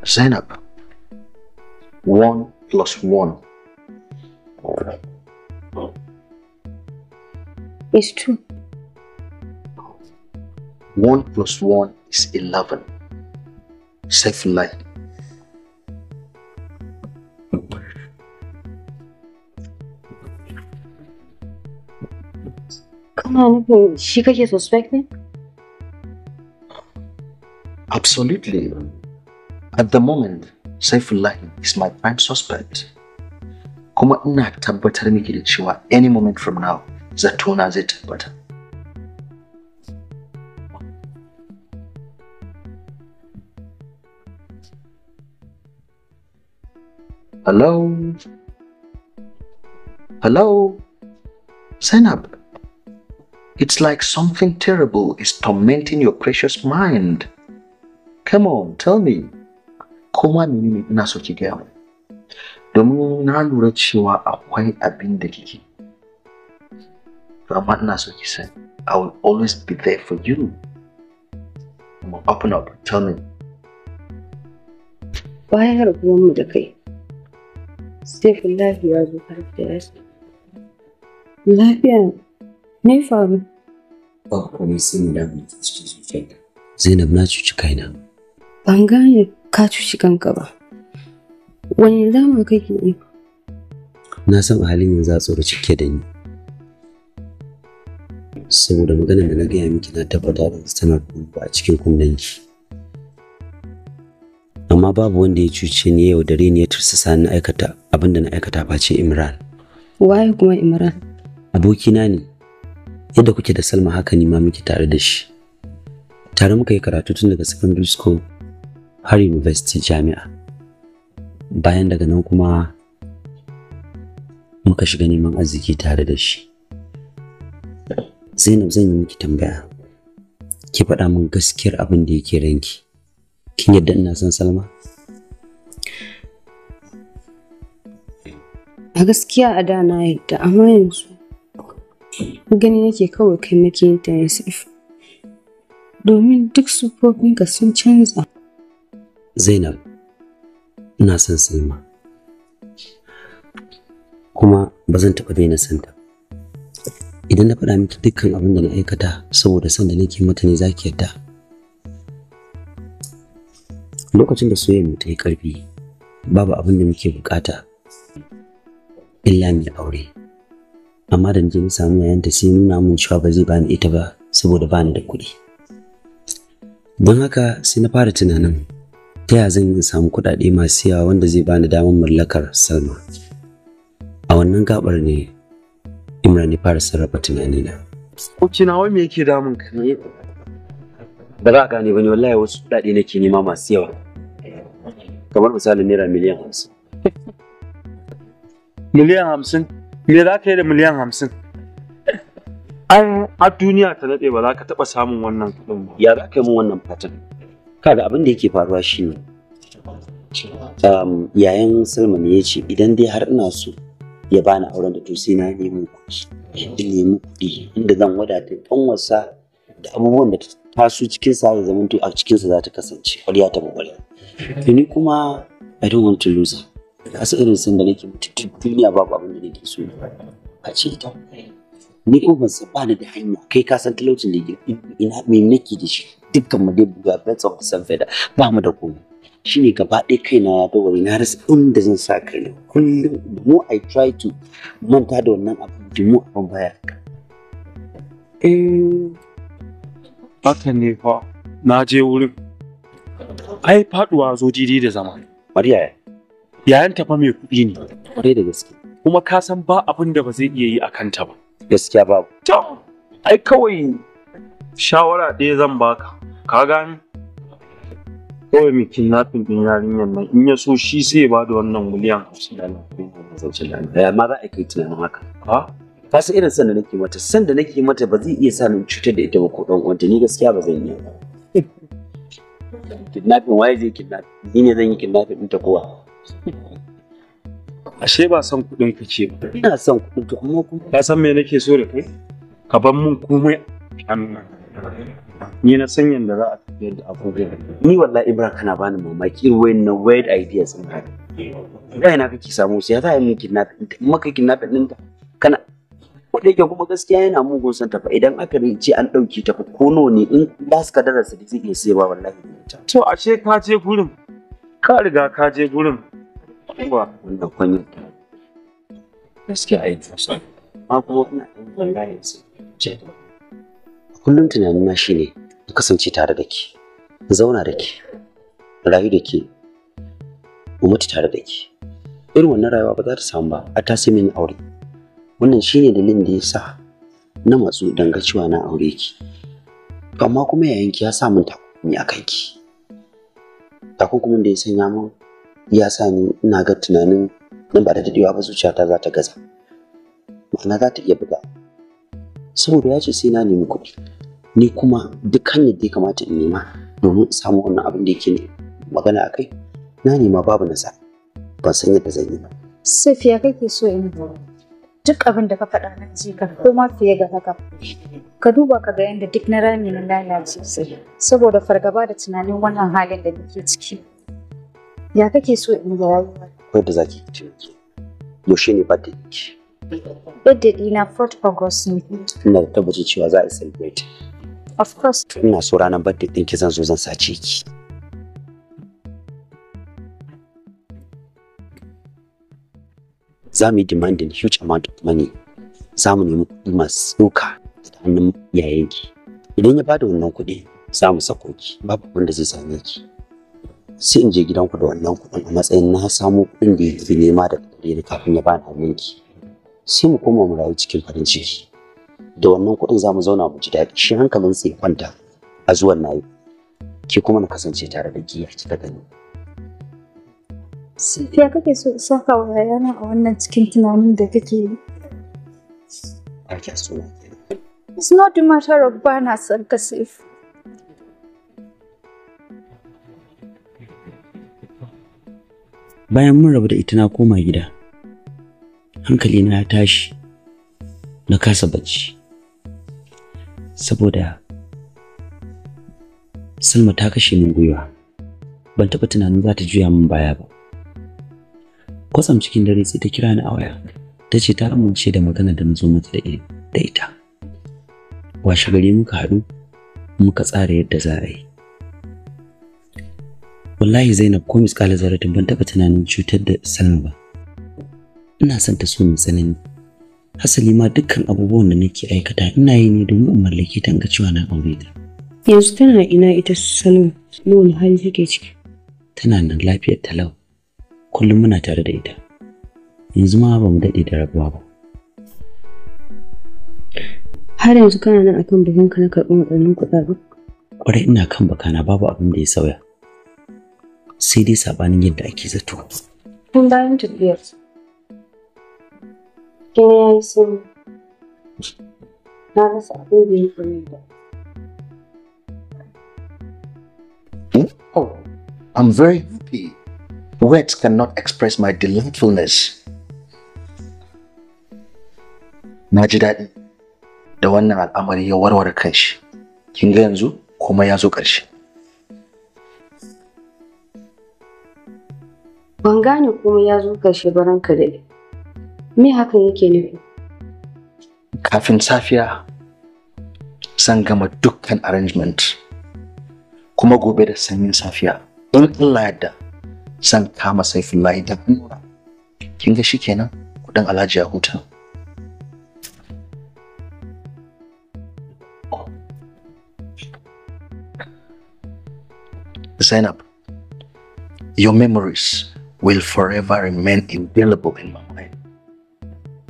Zainab, one plus one. One plus one is eleven. Safe life. kana nufin shi kake suspect ne? Absolutely. At the moment, Saifullahi is my prime suspect. Kuma ina tabbatar miki da cewa any moment from now, zatona zai tabbata. Hello? Hello? Zainab? It's like something terrible is tormenting your precious mind. Come on, tell me, koma menene ina so ki Domu min. Domin na lura cewa akwai abin da kike. amma ina so ki I will always be there for you. Come open up, tell me. Bayan rabuwanmu da kai, Saifullahi ya zo karfi da Love Lafiya Ne faru? Ba komai sai mu damu da cikin ka. Zainab na cuci kaina. Ban gane ka cuci kanka ba. Wani zama kake yi? Na san halin yanzu a tsoro cike da ni. Saboda maganar da na gaya miki na tabbata da tana kuma a cikin ki. Amma babu wanda ya cuce ni yau dare ne ya tursasa na aikata abinda na aikata face Imran. Waye kuma Imran? Abokina ne. yadda kuke da Salma haka ni ma muke tare da shi tare muka yi karatu tun daga secondary school har university jami'a bayan daga nan kuma muka shiga neman arziki tare da shi Zainab zan yi miki tambaya ki faɗa min gaskiyar abin da yake ranki kin yadda ina son Salma a gaskiya a da na yadda amma yanzu gani nake kawai kai yin ta ne domin duk siffofinka sun canza zainab ina son salma kuma ba zan taɓa daina ta. idan na faɗa miki dukkan abin da na aikata saboda son da nake mata ne zaki yadda lokacin da soyayya mu ta yi ƙarfi babu abin da muke bukata illa mai aure amma da je na samu yayanta sai nuna min cewa ba zai bani ita ba saboda bani da kuɗi don haka sai na fara tunanin ta ya zan yi samu kuɗaɗe masu yawa wanda zai bani damar mallakar salma a wannan gabar ne imran ya fara sarrafa tunanin na wai me yake damun ka ne ba za a gane ba ne wallahi wasu kuɗaɗe nake nema masu yawa kamar misalin naira miliyan hamsin miliyan hamsin me za ka yi da miliyan hamsin an a duniya ta daɗe ba za ka taɓa samun wannan kuɗin ba ya za ka yi mun wannan fatan ga abin da yake faruwa shine um, yayan salman ya ce idan dai har ina so ya bani auren da to sai na nemi kuɗi in nemi kuɗi inda zan wadata wasa da abubuwan da ta taso cikin sa ya zamanto a cikinsa za ta kasance ƙwarya ta bakwai ni kuma i don't want to lose her da su irin sun da nake mutu duniya babu abin da nake so ce ta ni ko ban san bani da hanya kai ka san talaucin da ina me nake da shi dukkan mu dai buga bets of san feda ba mu da komai shine gaba ɗaya kai na ya wani na rasa inda zan sa kai ne kullum mu i try to manta da wannan abu. da mu abin baya eh haka ne fa na je wurin ai faduwa zo didi da zama ya yayan tafa mai kuɗi ne kwarai da gaske kuma ka san ba abin da ba zai iya yi a kanta ba gaskiya babu to ai kawai shawara ɗaya zan baka ka gani? kawai mai kidnapping ɗin yarinyar nan in ya so shi sai ba da wannan miliyan hamsin da nan ya ma za a kai tunanin haka ha ka san irin sanda nake mata sanda nake mata ba zai iya sa ni cutar da ita ba ko dan uwanta ni gaskiya ba zan yi ba kidnapping waye zai kidnap ni ne zan yi kidnapping ɗinta kowa ashe ba son kuɗin ce ba ina son kuɗin to amma kuma ka san me nake so da kai ka ban mun komai a nuna ni na san yadda za a tafiyar da abubuwa ni wallahi Ibrahim kana bani mamaki irin na weird ideas din ka ga ina kake samu sai ya ta yi kidnap maka kidnap din ta kana da ke kuma gaskiya yana mugun san tafa idan aka ce an ɗauki tafa ko nawa ne in ba su ka darasa da zai iya sayarwa wallahi to ashe ka je gurin ka riga ka je gurin Kuwa wanda kwanye ta. Gaskiya a yi tasa. Ma kuma kuna ɗan zangayen su. Kullum tunanina shi ne na kasance tare da ke, zauna da ke, rayu da ke, mutu tare da ke. Irin wannan rayuwa ba za ta samu ba, a ta min aure. Wannan shi ne dalilin da ya sa na matsu danga cewa na aure ki. Amma kuma yayanki ya sa min takunkumi a kanki. Takunkumin da ya sanya min ya sa ni ina ga tunanin nan ba da daɗewa ba zuciyata za ta gaza ma'ana za ta iya buga saboda ya ce sai na nemi kuɗi ni kuma duk hanyar da ya kamata in nema domin in samu wannan abin da yake magana a kai na nema babu nasa ban san yadda zan yi ba safiya kake so in duk abin da ka faɗa na ji ko ma fiye ga haka ka duba ka ga yadda duk na rami na lalace sai. saboda fargaba da tunanin wannan halin da nake ciki Ya kake so in ga rayuwa? Ko da zaki ki tunke. Yaushe ne birthday ki? Birthday dina 4th August ne. Ina da tabbacin cewa za a celebrate. Of course. Ina so ranar birthday ɗinki zan zo zan sace ki. Za mu yi demanding huge amount of money. Za mu nemi kuɗi masu tsoka da hannun yayanki. Idan ya bada wannan kuɗi, za mu sako ki, babu wanda zai same ki. sai in je gidanku da wannan kuɗin a matsayin na samu kuɗin da yake nema da kuɗi ni kafin ya bani ki sai mu koma mu rayu cikin farin ciki da wannan kuɗin za mu zauna mu ji daɗi shi hankalin sai kwanta a zuwan nayi ki kuma na kasance tare da ki kika gani Safiya kake so saka wa yana a wannan cikin tunanin da kake yi Ba so It's not a matter of ba na son ka bayan mun rabu da ita na koma gida hankali na tashi na kasa bacci saboda Salma ta kashe min gwiwa ban taɓa tunanin za ta juya min baya ba kwatsam cikin dare sai ta kira ni a waya ta ce ta amince da magana da na zo mata da ita washe gari muka haɗu muka tsara yadda za a yi wallahi zainab ko misƙala zaratin ban taɓa tunanin cutar da salma ba ina son ta so mai tsanani hasali ma dukkan abubuwan da nake aikata ina yi ne domin in mallake ta ga cewa na aure ta yanzu tana ina ita salma na hali take ciki tana nan lafiyar talau kullum muna tare da ita yanzu ma ba mu daɗe da rabuwa ba har yanzu kana nan akan bakanka na karɓi waɗannan kuɗaɗen kwarai ina kan bakana babu abin da ya sauya sai dai sabanin yadda ake zato. Tun bayan tafiyar gina ya yi so? na rasa abin da ya fi da. Hmm? Oh, I'm very happy. Words cannot express my delightfulness. Na ji daɗi da wannan al'amari ya warware kanshi. Kin ga yanzu kuma ya zo ƙarshe. Ban gane komai ya zo ƙarshe ba ranka ni. Me hakan yake nufi? Kafin safiya zan gama dukkan arrangement kuma gobe da sanyin safiya in Allah yadda zan kama Saifullahi da hannuna. Kin ga shikenan kuɗin Alhaji ya huta. Zainab, your memories will forever remain indelible in my mind.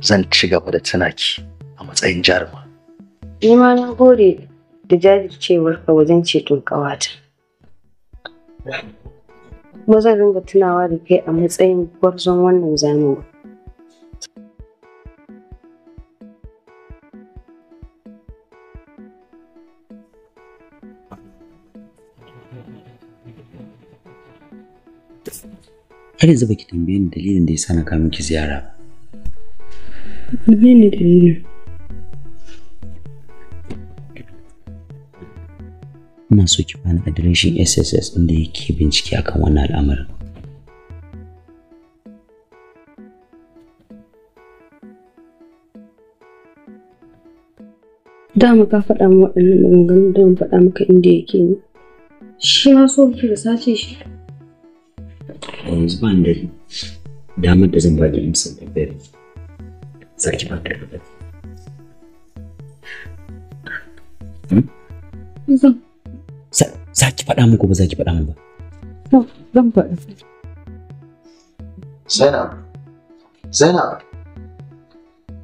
Zan ci gaba da tunaki ki a matsayin jaruma. Ni na gode da ka wajen ceton ƙawata. Ba zan ringa tunawa da kai a matsayin gwarzon wannan zamani. har yanzu baki tambaye ni dalilin da yasa na kawo miki ziyara ba menene dalilin ina so ki bani adireshin SSS inda yake bincike akan wannan al'amarin Da ka faɗa min waɗannan maganganu don faɗa maka inda yake ne shi ma so kike sace shi yanzu ba da damar da zan ba da imsan ba ta gaba. Hmm? Za faɗa min ba za ki faɗa min ba?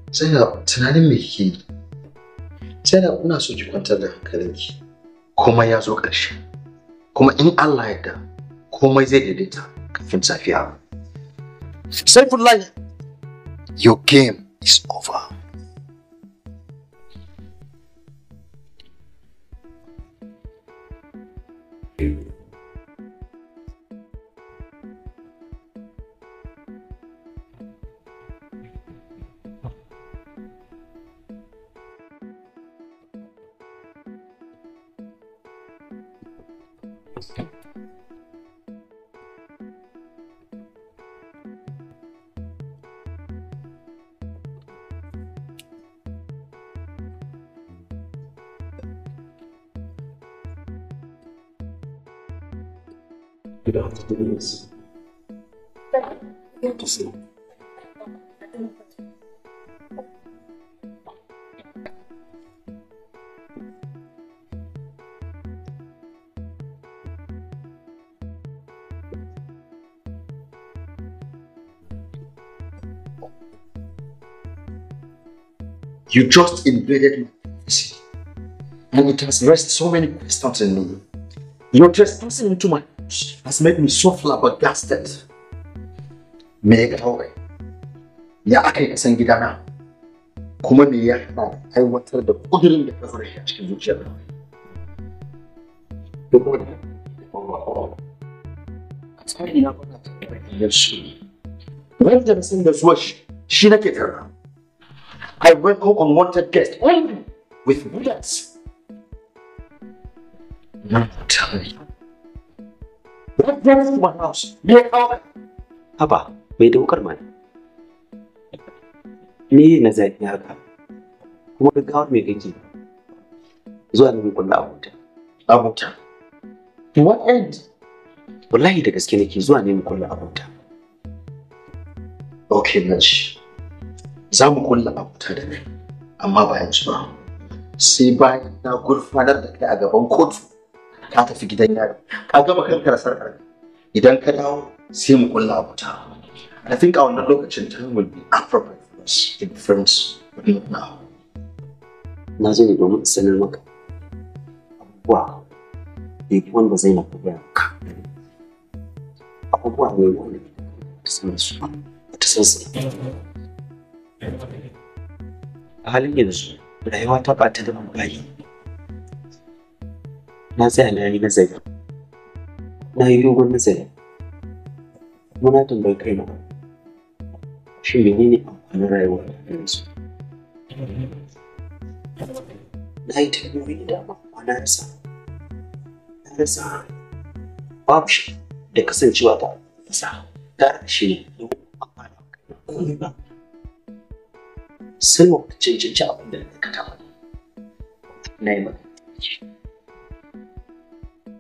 Zan tunanin me kike yi? ina so kwantar da hankalinki. Komai ya zo Kuma in Allah ya komai zai daidaita. convince Ifeanyi. Simple life, your game is over. Good afternoon. to you. You just invaded my privacy. And it has raised so many questions in me. You're trespassing into my has made me so flabbergasted. Me ya kawo Ya aka yi kasan gidana? Kuma me ya haɗa aiwatar da ƙudurin da ka zura a cikin zuciyar ka? Duk wanda a tsari na ba ta da bayyana shi. Wanda na san da zuwa shi, shi nake tarra. I welcome unwanted with bullets. Not time. Don't get into my ne Me kawo Haba, bai da wukar mai. Me na zai haka? Kuma gaggawar me kake? Zuwa ne kulla abota. Abota. To what end? Wallahi da gaske nake zuwa ne mu kulla abota. Okay, Nash. Za mu kulla abota da kai, amma ba yanzu ba. Sai bayan na gurfanar da kai a gaban kotu. ka tafi gidan yari ka gama da sarkar idan ka dawo sai mu kulla abuta I think a wannan lokacin time will be appropriate for us in friends now na zo ne domin sanar maka abubuwa da yake wanda zai maka kogaya ka. abubuwa ne wanda ta san su ta san su a halin yanzu rayuwa ta ɓata da mamaki na tsaya na yi na yi dogon nazari muna tambayi kai na shi menene amfanin rayuwa da yanzu na yi tambayoyi da dama amma na rasa na rasa babu shi da kasancewa ta sa ta shi ne amfanin kai ba sai mu cancanci abin da na taɓa na yi magana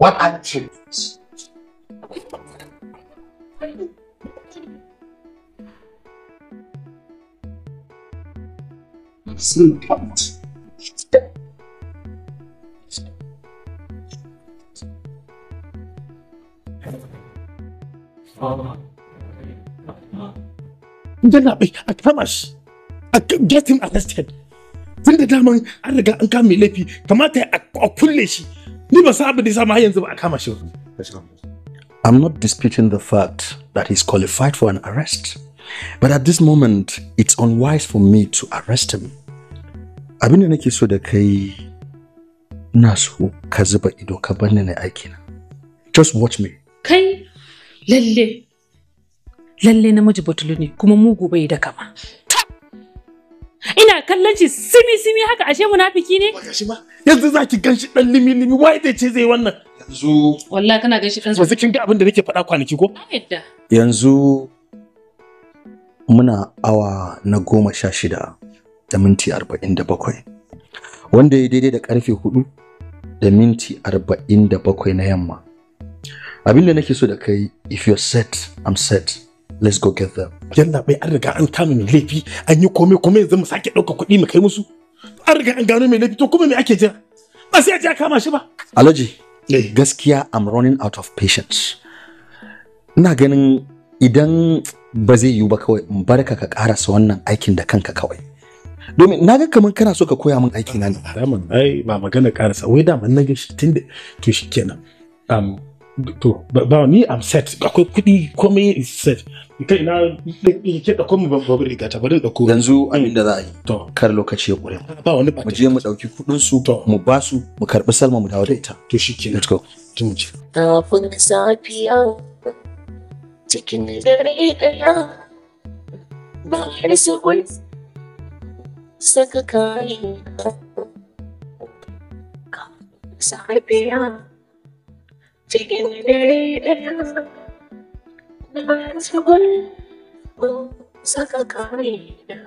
What are the Sleep. I a I get him arrested. Tun da daman an riga an come laifi, kamata a kulle shi. Ni ba san abin da ya yanzu ba a kama shi ba. I'm not disputing the fact that he's qualified for an arrest. But at this moment, it's unwise for me to arrest him. Abin da nake so da kai na so ka zuba ido ka bar ni na aiki na. Just watch me. Kai lalle lalle namiji batulu ne kuma mugu bai da kama. ina kallon shi simi simi haka ashe munafiki ne gashi ba yanzu zaki ganshi dan limi limi wai da ce zai wannan yanzu wallahi kana ganshi dan yanzu kin ga abin da nake faɗa kwanaki ko yanzu muna awa na goma sha shida da minti arba'in da bakwai wanda ya daidai da karfe hudu da minti arba'in da bakwai na yamma abin da nake so da kai if you're set i'm set let's go get them yalla bai an riga an kama mai laifi an yi komai kuma yanzu mu sake ɗauka kuɗi mu kai musu an riga an gano mai laifi to kuma me ake jira ba sai a je a kama shi ba alhaji eh. gaskiya i'm running out of patience ina ganin idan ba zai yiwu ba kawai in barka ka karasa wannan aikin da kanka kawai domin na ga kamar kana so ka koya min aiki na ne daman ai ba magana karasa wai daman na ga shi tunda to shikenan um to ba ni am set akwai kudi komai is set ita ina ke ɗauko mu babu riga ta bari ɗauko yanzu an inda za a yi to kar lokaci ya kure ba wani ba mu je mu dauki kudin su mu ba su mu karbi salma mu dawo da ita to shikenan let's go tun ji ta kafin safiya cikin dare ɗaya ba har su kun saka kai kayan safiya cikin dare ɗaya na tsagon mun saka kare da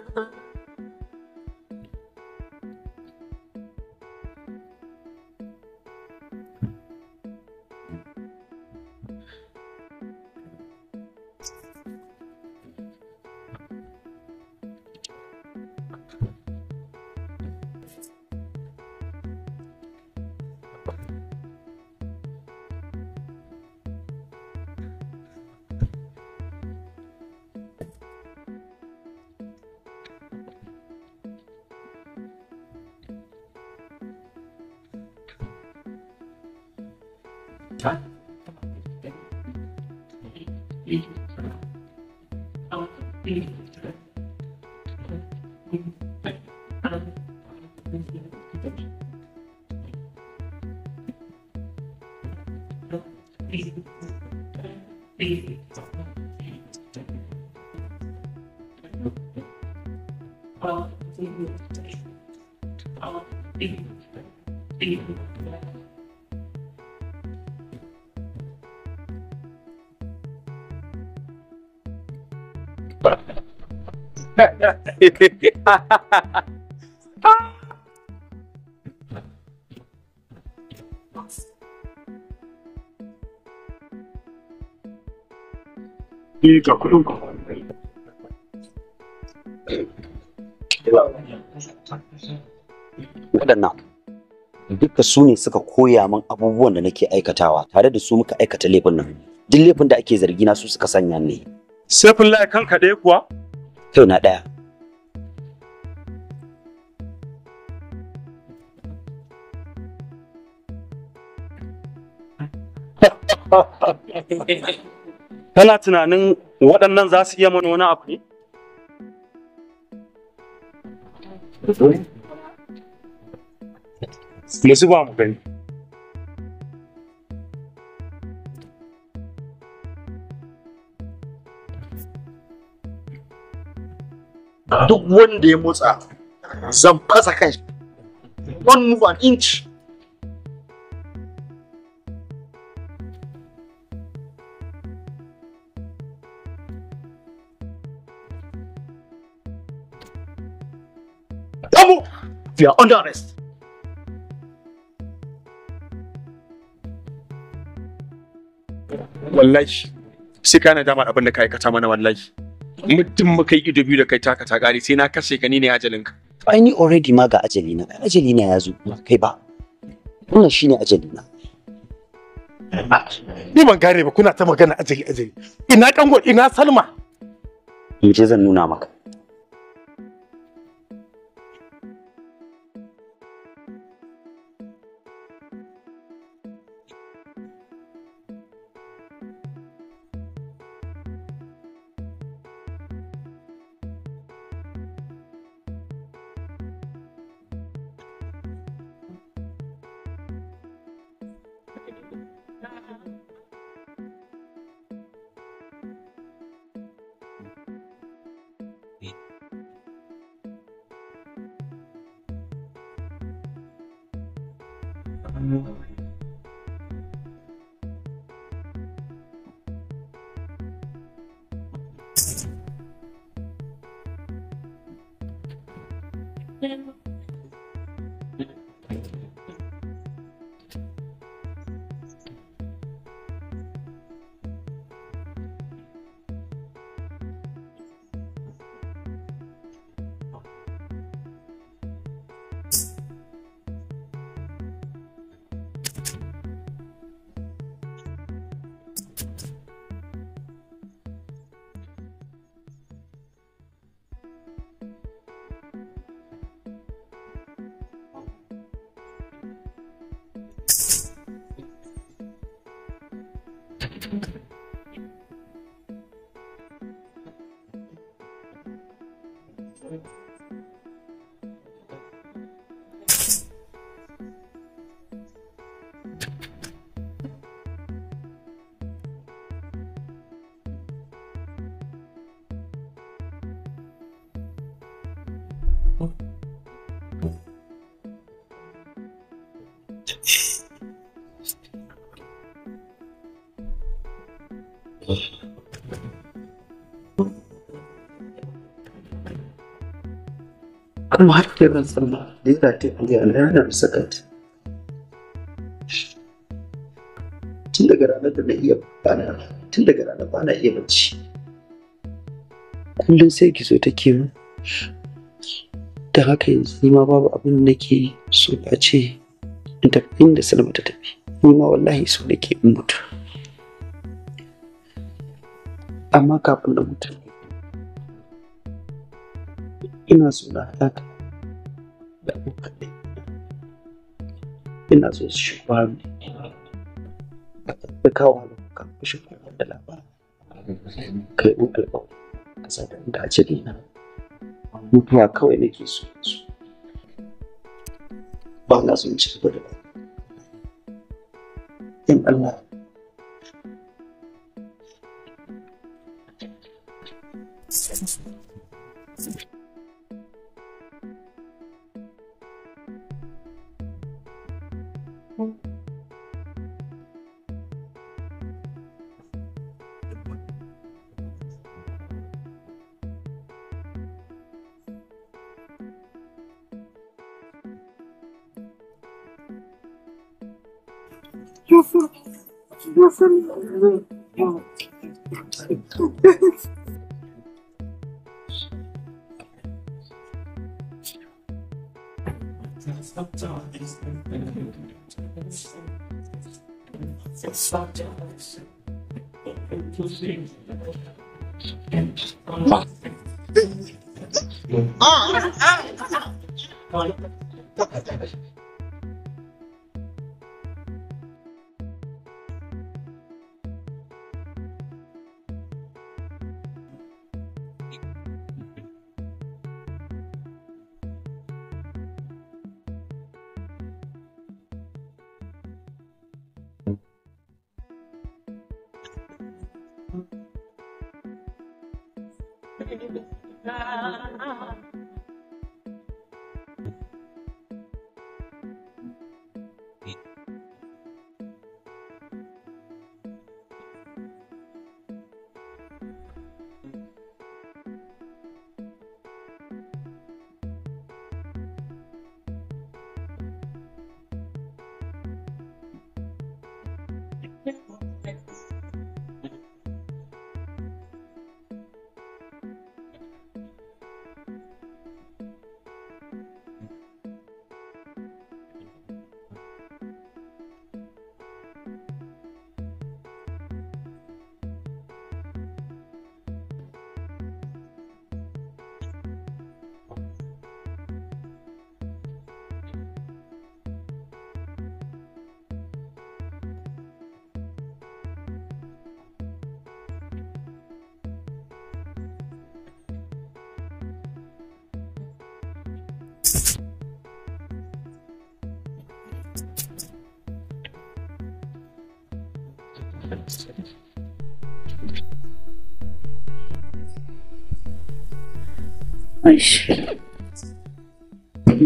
Eh, Waɗannan duka su ne suka koya min abubuwan da nake aikatawa tare da su muka aikata laifin nan. Duk laifin da ake zargi na su suka sanya ne. Sai kun kanka ɗaya kuwa? Kai na ɗaya. Kana tunanin waɗannan za su iya mana wani abu ne? ba mu gani. Duk wanda ya motsa zan fasa kai. One move an inch. you, we are under arrest. Wallahi, sai ka na damar abin da ka aikata mana wallahi. Mutum muka yi ido biyu da kai taka ta kare sai na kashe ka ni ne ka. Ai ni already ma ga ajali na, ajali na ya zo kai ba. Wannan shine ajali na. Ni ban gane ba kuna ta magana ajali ajali. Ina kango ina Salma. Me zan nuna maka? mu har da ban san ba da yana ta yi alhana sakat tun daga ranar da na iya bana tun daga ranar bana iya bacci kullum sai gizo ke mu da haka yanzu ni ma babu abin da nake so a ce in tafi inda salma ta tafi ni ma wallahi so nake in mutu amma kafin na mutu ina so na haɗa ina so shi ba da a tafi kawo kan fushin da labarin kai un alƙawari a sadar da a cire na mutuwa kawai nake so ba na son ci gaba da ba in Allah Thank you. You're from, you're from, Stop talking. Ah!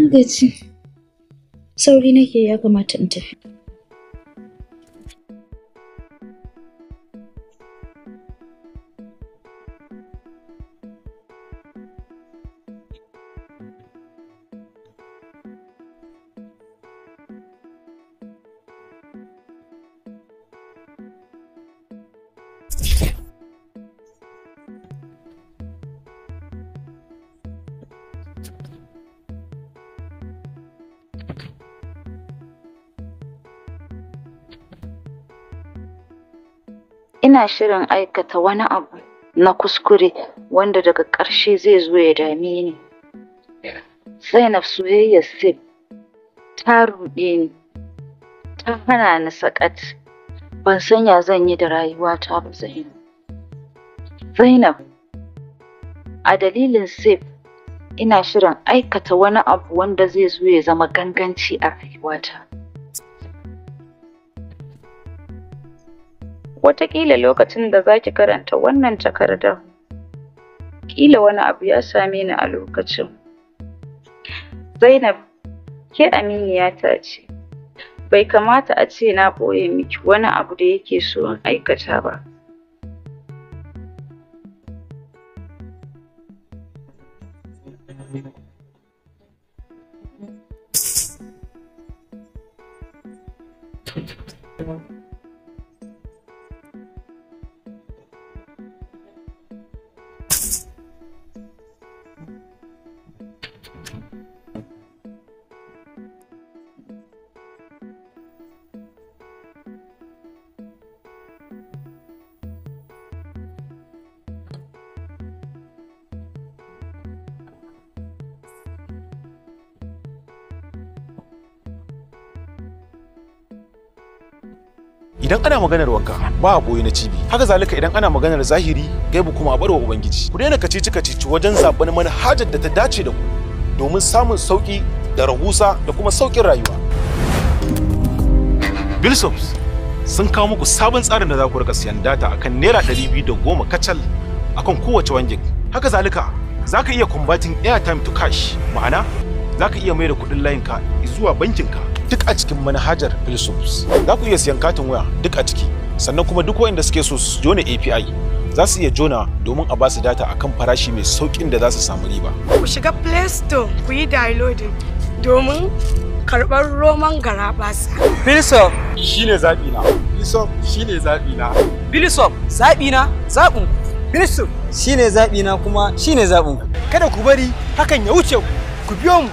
Gaji. Sauri nake ya kamata in tafi. ina shirin aikata wani abu na kuskure wanda daga ƙarshe zai zo ya dame ni. Zainab soyayyar Sif ta ruɗe ni, ta hana ni sakat, ban sanya zan yi da rayuwata ba Zainab. Zainab, a dalilin Sif, ina shirin aikata wani abu wanda zai zo ya zama ganganci a rayuwata. Wataƙila lokacin da za ki karanta wannan takardar, ƙila wani abu ya same ni a lokacin. Zainab, ke ta ce, bai kamata a ce na ɓoye miki wani abu da yake so aikata ba. idan ana maganar wanka ba a boye na cibi haka zalika idan ana maganar zahiri gaibu kuma a barwa ubangiji ku daina kacici kacici wajen mana manhajar da ta dace da ku domin samun sauki da rahusa da kuma saukin rayuwa bilsops sun kawo muku sabon tsarin da za ku rika siyan data akan naira ɗari biyu da goma kacal akan kowace wangin haka zalika za ka iya converting airtime to cash ma'ana za ka iya mai da kuɗin layinka zuwa bankinka duk a cikin manhajar Philosophes. Za ku iya siyan katin waya duk a ciki, sannan kuma duk waɗanda suke so su jona API za su iya jona domin a basu data akan farashi mai sauƙin da za su samu riba. Ku shiga Play Store ku yi downloading domin karɓar roman gara basa. Philosoph shine zaɓi na. Philosoph shine zaɓi na. Philosoph zaɓi na zaɓin. Philosoph shine zaɓi na kuma shine zaɓin. Kada ku bari hakan ya wuce Ku biyo mu.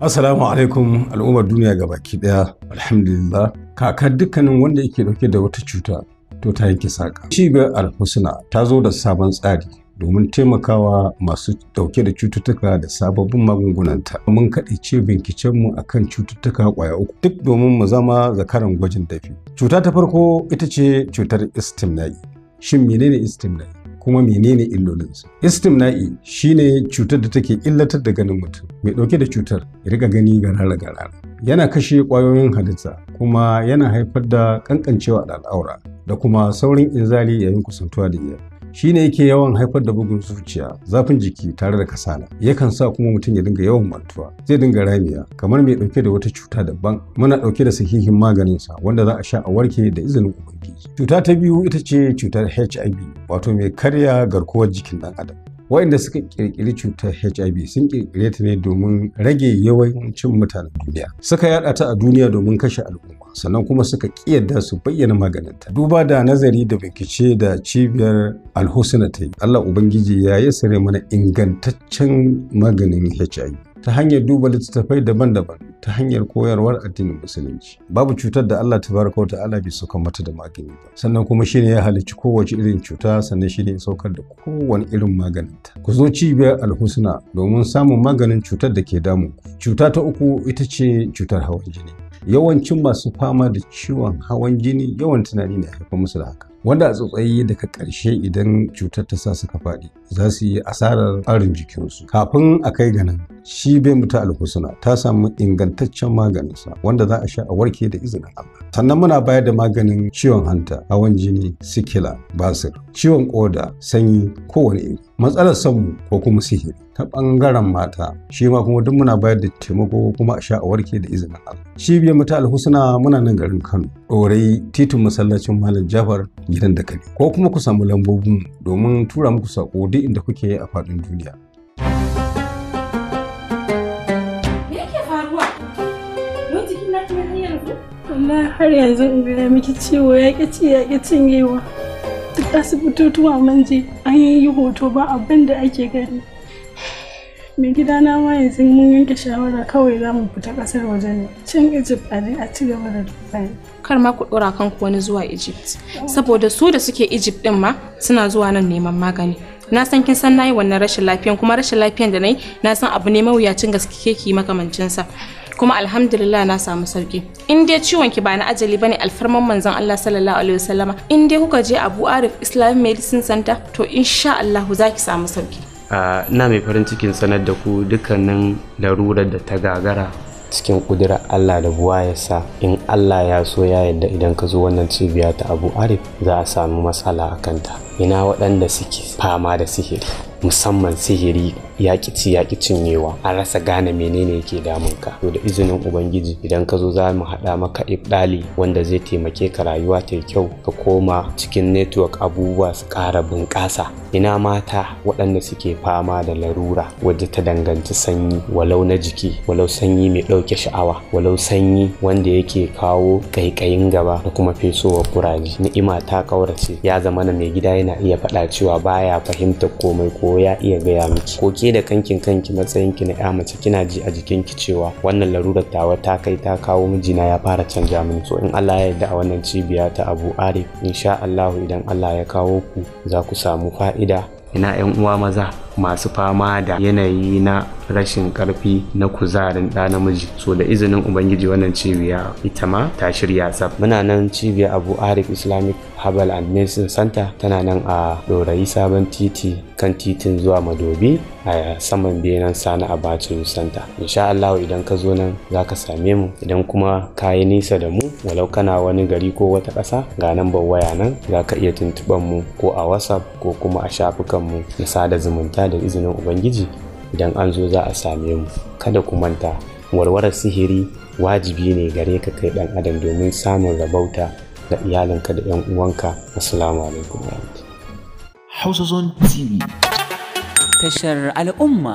Assalamu alaikum al'ummar duniya ga baki daya alhamdulillah kakar dukkanin wanda yake dauke da wata cuta to ta yanke saka. Cibiyar alhusna ta zo da sabon tsari domin taimakawa masu dauke da cututtuka da sababbin magungunanta. Mun kaɗaice bincikenmu a kan cututtuka ƙwaya uku duk domin mu zama zakaran gwajin dafi. Cuta ta farko ita ce cutar istimna'i. Shin menene istimna'i? kuma menene illolinsu. Istimna'i shine cutar da take illatar da ganin mutum. Mai ɗauke da cutar ya rika gani garara-garara. Yana kashe ƙwayoyin halitta kuma yana haifar da ƙanƙancewa da al'aura da kuma saurin inzali yayin kusantuwa da iyali. Shi ne yake yawan haifar da bugun zuciya zafin jiki tare da kasala yakan sa kuma mutum ya dinga yawan mantuwa zai dinga ramiya kamar mai dauke da wata cuta daban muna dauke da sahihin maganin sa wanda za a sha a warke da izinin ubangiji cuta ta biyu ita ce cutar HIV wato mai karya garkuwar jikin dan adam waɗanda suka ƙirƙiri cutar HIV sun ƙirƙire ta ne domin rage yawancin mutanen duniya. Suka yaɗa ta a duniya domin kashe al'umma, sannan kuma suka ƙiyarda su bayyana maganinta. Duba da nazari da bincike da cibiyar alhusna ta Allah Ubangiji ya yi sare mana ingantaccen maganin HIV. ta hanyar duba littattafai daban-daban ta hanyar koyarwar addinin musulunci babu cutar da Allah tabaraka wa ta'ala bai saukar mata da magani ba sannan kuma shine ya halicci kowace irin cuta sannan shine ya saukar da kowane irin maganin ta. ku zo cibiyar alhusna domin samun maganin cutar da ke damu. ku cuta ta uku ita ce cutar hawan jini yawancin masu fama da ciwon hawan jini yawan tunani ne haifar musu da haka wanda a tsotsayi daga ƙarshe idan cutar ta sa suka faɗi za su yi asarar ƙarin jikinsu kafin a kai ga nan shi bai mutu alhusuna. ta samu ingantaccen maganinsa wanda za a sha a warke da izinin Allah sannan muna bayar da maganin ciwon hanta hawan jini sikila basir ciwon koda sanyi kowane iri matsalar sanmu ko kuma sihiri ta bangaren mata shi ma kuma duk muna bayar da taimako kuma a sha a warke da izinin Allah shi bai mutu alhusuna muna nan garin Kano ɗorai titin masallacin Malam Jafar gidan da ko kuma ku samu lambobin domin tura muku sako duk inda kuke a faɗin duniya. Me har yanzu? har yanzu in gaya miki ciwo ya ki ci ya ki cinyewa. Duk asibitotuwa mun je an yi hoto ba abin da ake gani. Mai gidana ma yanzu mun yanke shawara kawai za mu fita kasar waje ne. Can Egypt a a ci gaba da kar ma ku ɗora kanku wani zuwa Egypt saboda su da suke Egypt ɗin ma suna zuwa nan neman magani na san kin san nayi wannan rashin lafiyan kuma rashin lafiyan da nayi na san abu ne mawuyacin gaske ki makamancin sa kuma alhamdulillah na samu sauki in dai ciwon ki ba na ajali bane alfarman manzon Allah sallallahu alaihi wasallama in dai kuka je Abu Arif Islamic Medicine Center to insha Allah za ki samu sauki ah, na mai farin cikin sanar da ku dukkanin larurar da ta gagara cikin ƙudirar Allah da buwa ya sa in Allah ya so ya yadda idan ka zo wannan cibiya ta Abu Arif za a samu matsala a kanta ina waɗanda suke fama da sihiri musamman sihiri ya ya yaƙi cinyewa An rasa gane menene yake ka? to da izinin ubangiji idan ka zo za mu haɗa maka ibdali wanda zai taimake ka rayuwa ta kyau ka koma cikin network abubuwa su ƙara bunƙasa ina mata waɗanda suke fama da larura wadda ta danganci sanyi walau na jiki walau sanyi mai ɗauke sha'awa walau sanyi wanda yake kawo ƙaiƙayin gaba da kuma fesowa kuraje ni'ima ta ƙaurace ya zama na mai gida yana iya faɗa cewa baya fahimtar komai ko ko ya iya gaya miki ko ke da kankin kanki matsayinki na ya mace kina ji a jikinki cewa wannan larurar tawa ta kai ta kawo mijina ya fara canja mini so in Allah ya yarda a wannan cibiya ta Abu Arif insha Allah idan Allah ya kawo ku za ku samu fa'ida ina yan uwa maza masu fama da yanayi na rashin karfi na kuzarin ɗa namiji so da izinin ubangiji wannan cibiya ita ma ta shirya tsab muna nan cibiyar abu arif islamic herbal and medicine center tana nan a ɗorayi sabon titi kan titin zuwa madobi a saman benin sani abacin center insha allah idan ka zo nan za ka same mu idan kuma ka yi nisa da mu walau kana wani gari ko wata ƙasa ga nan waya nan za ka iya tuntuɓar mu ko a whatsapp ko kuma a shafukan mu na sada zumunta da izinin ubangiji idan an zo za a same mu kada ku manta warwarar sihiri wajibi ne gare ka kai ɗan adam domin samun rabauta da iyalinka da yan uwanka assalamu alaikum hausa zone tv tashar al'umma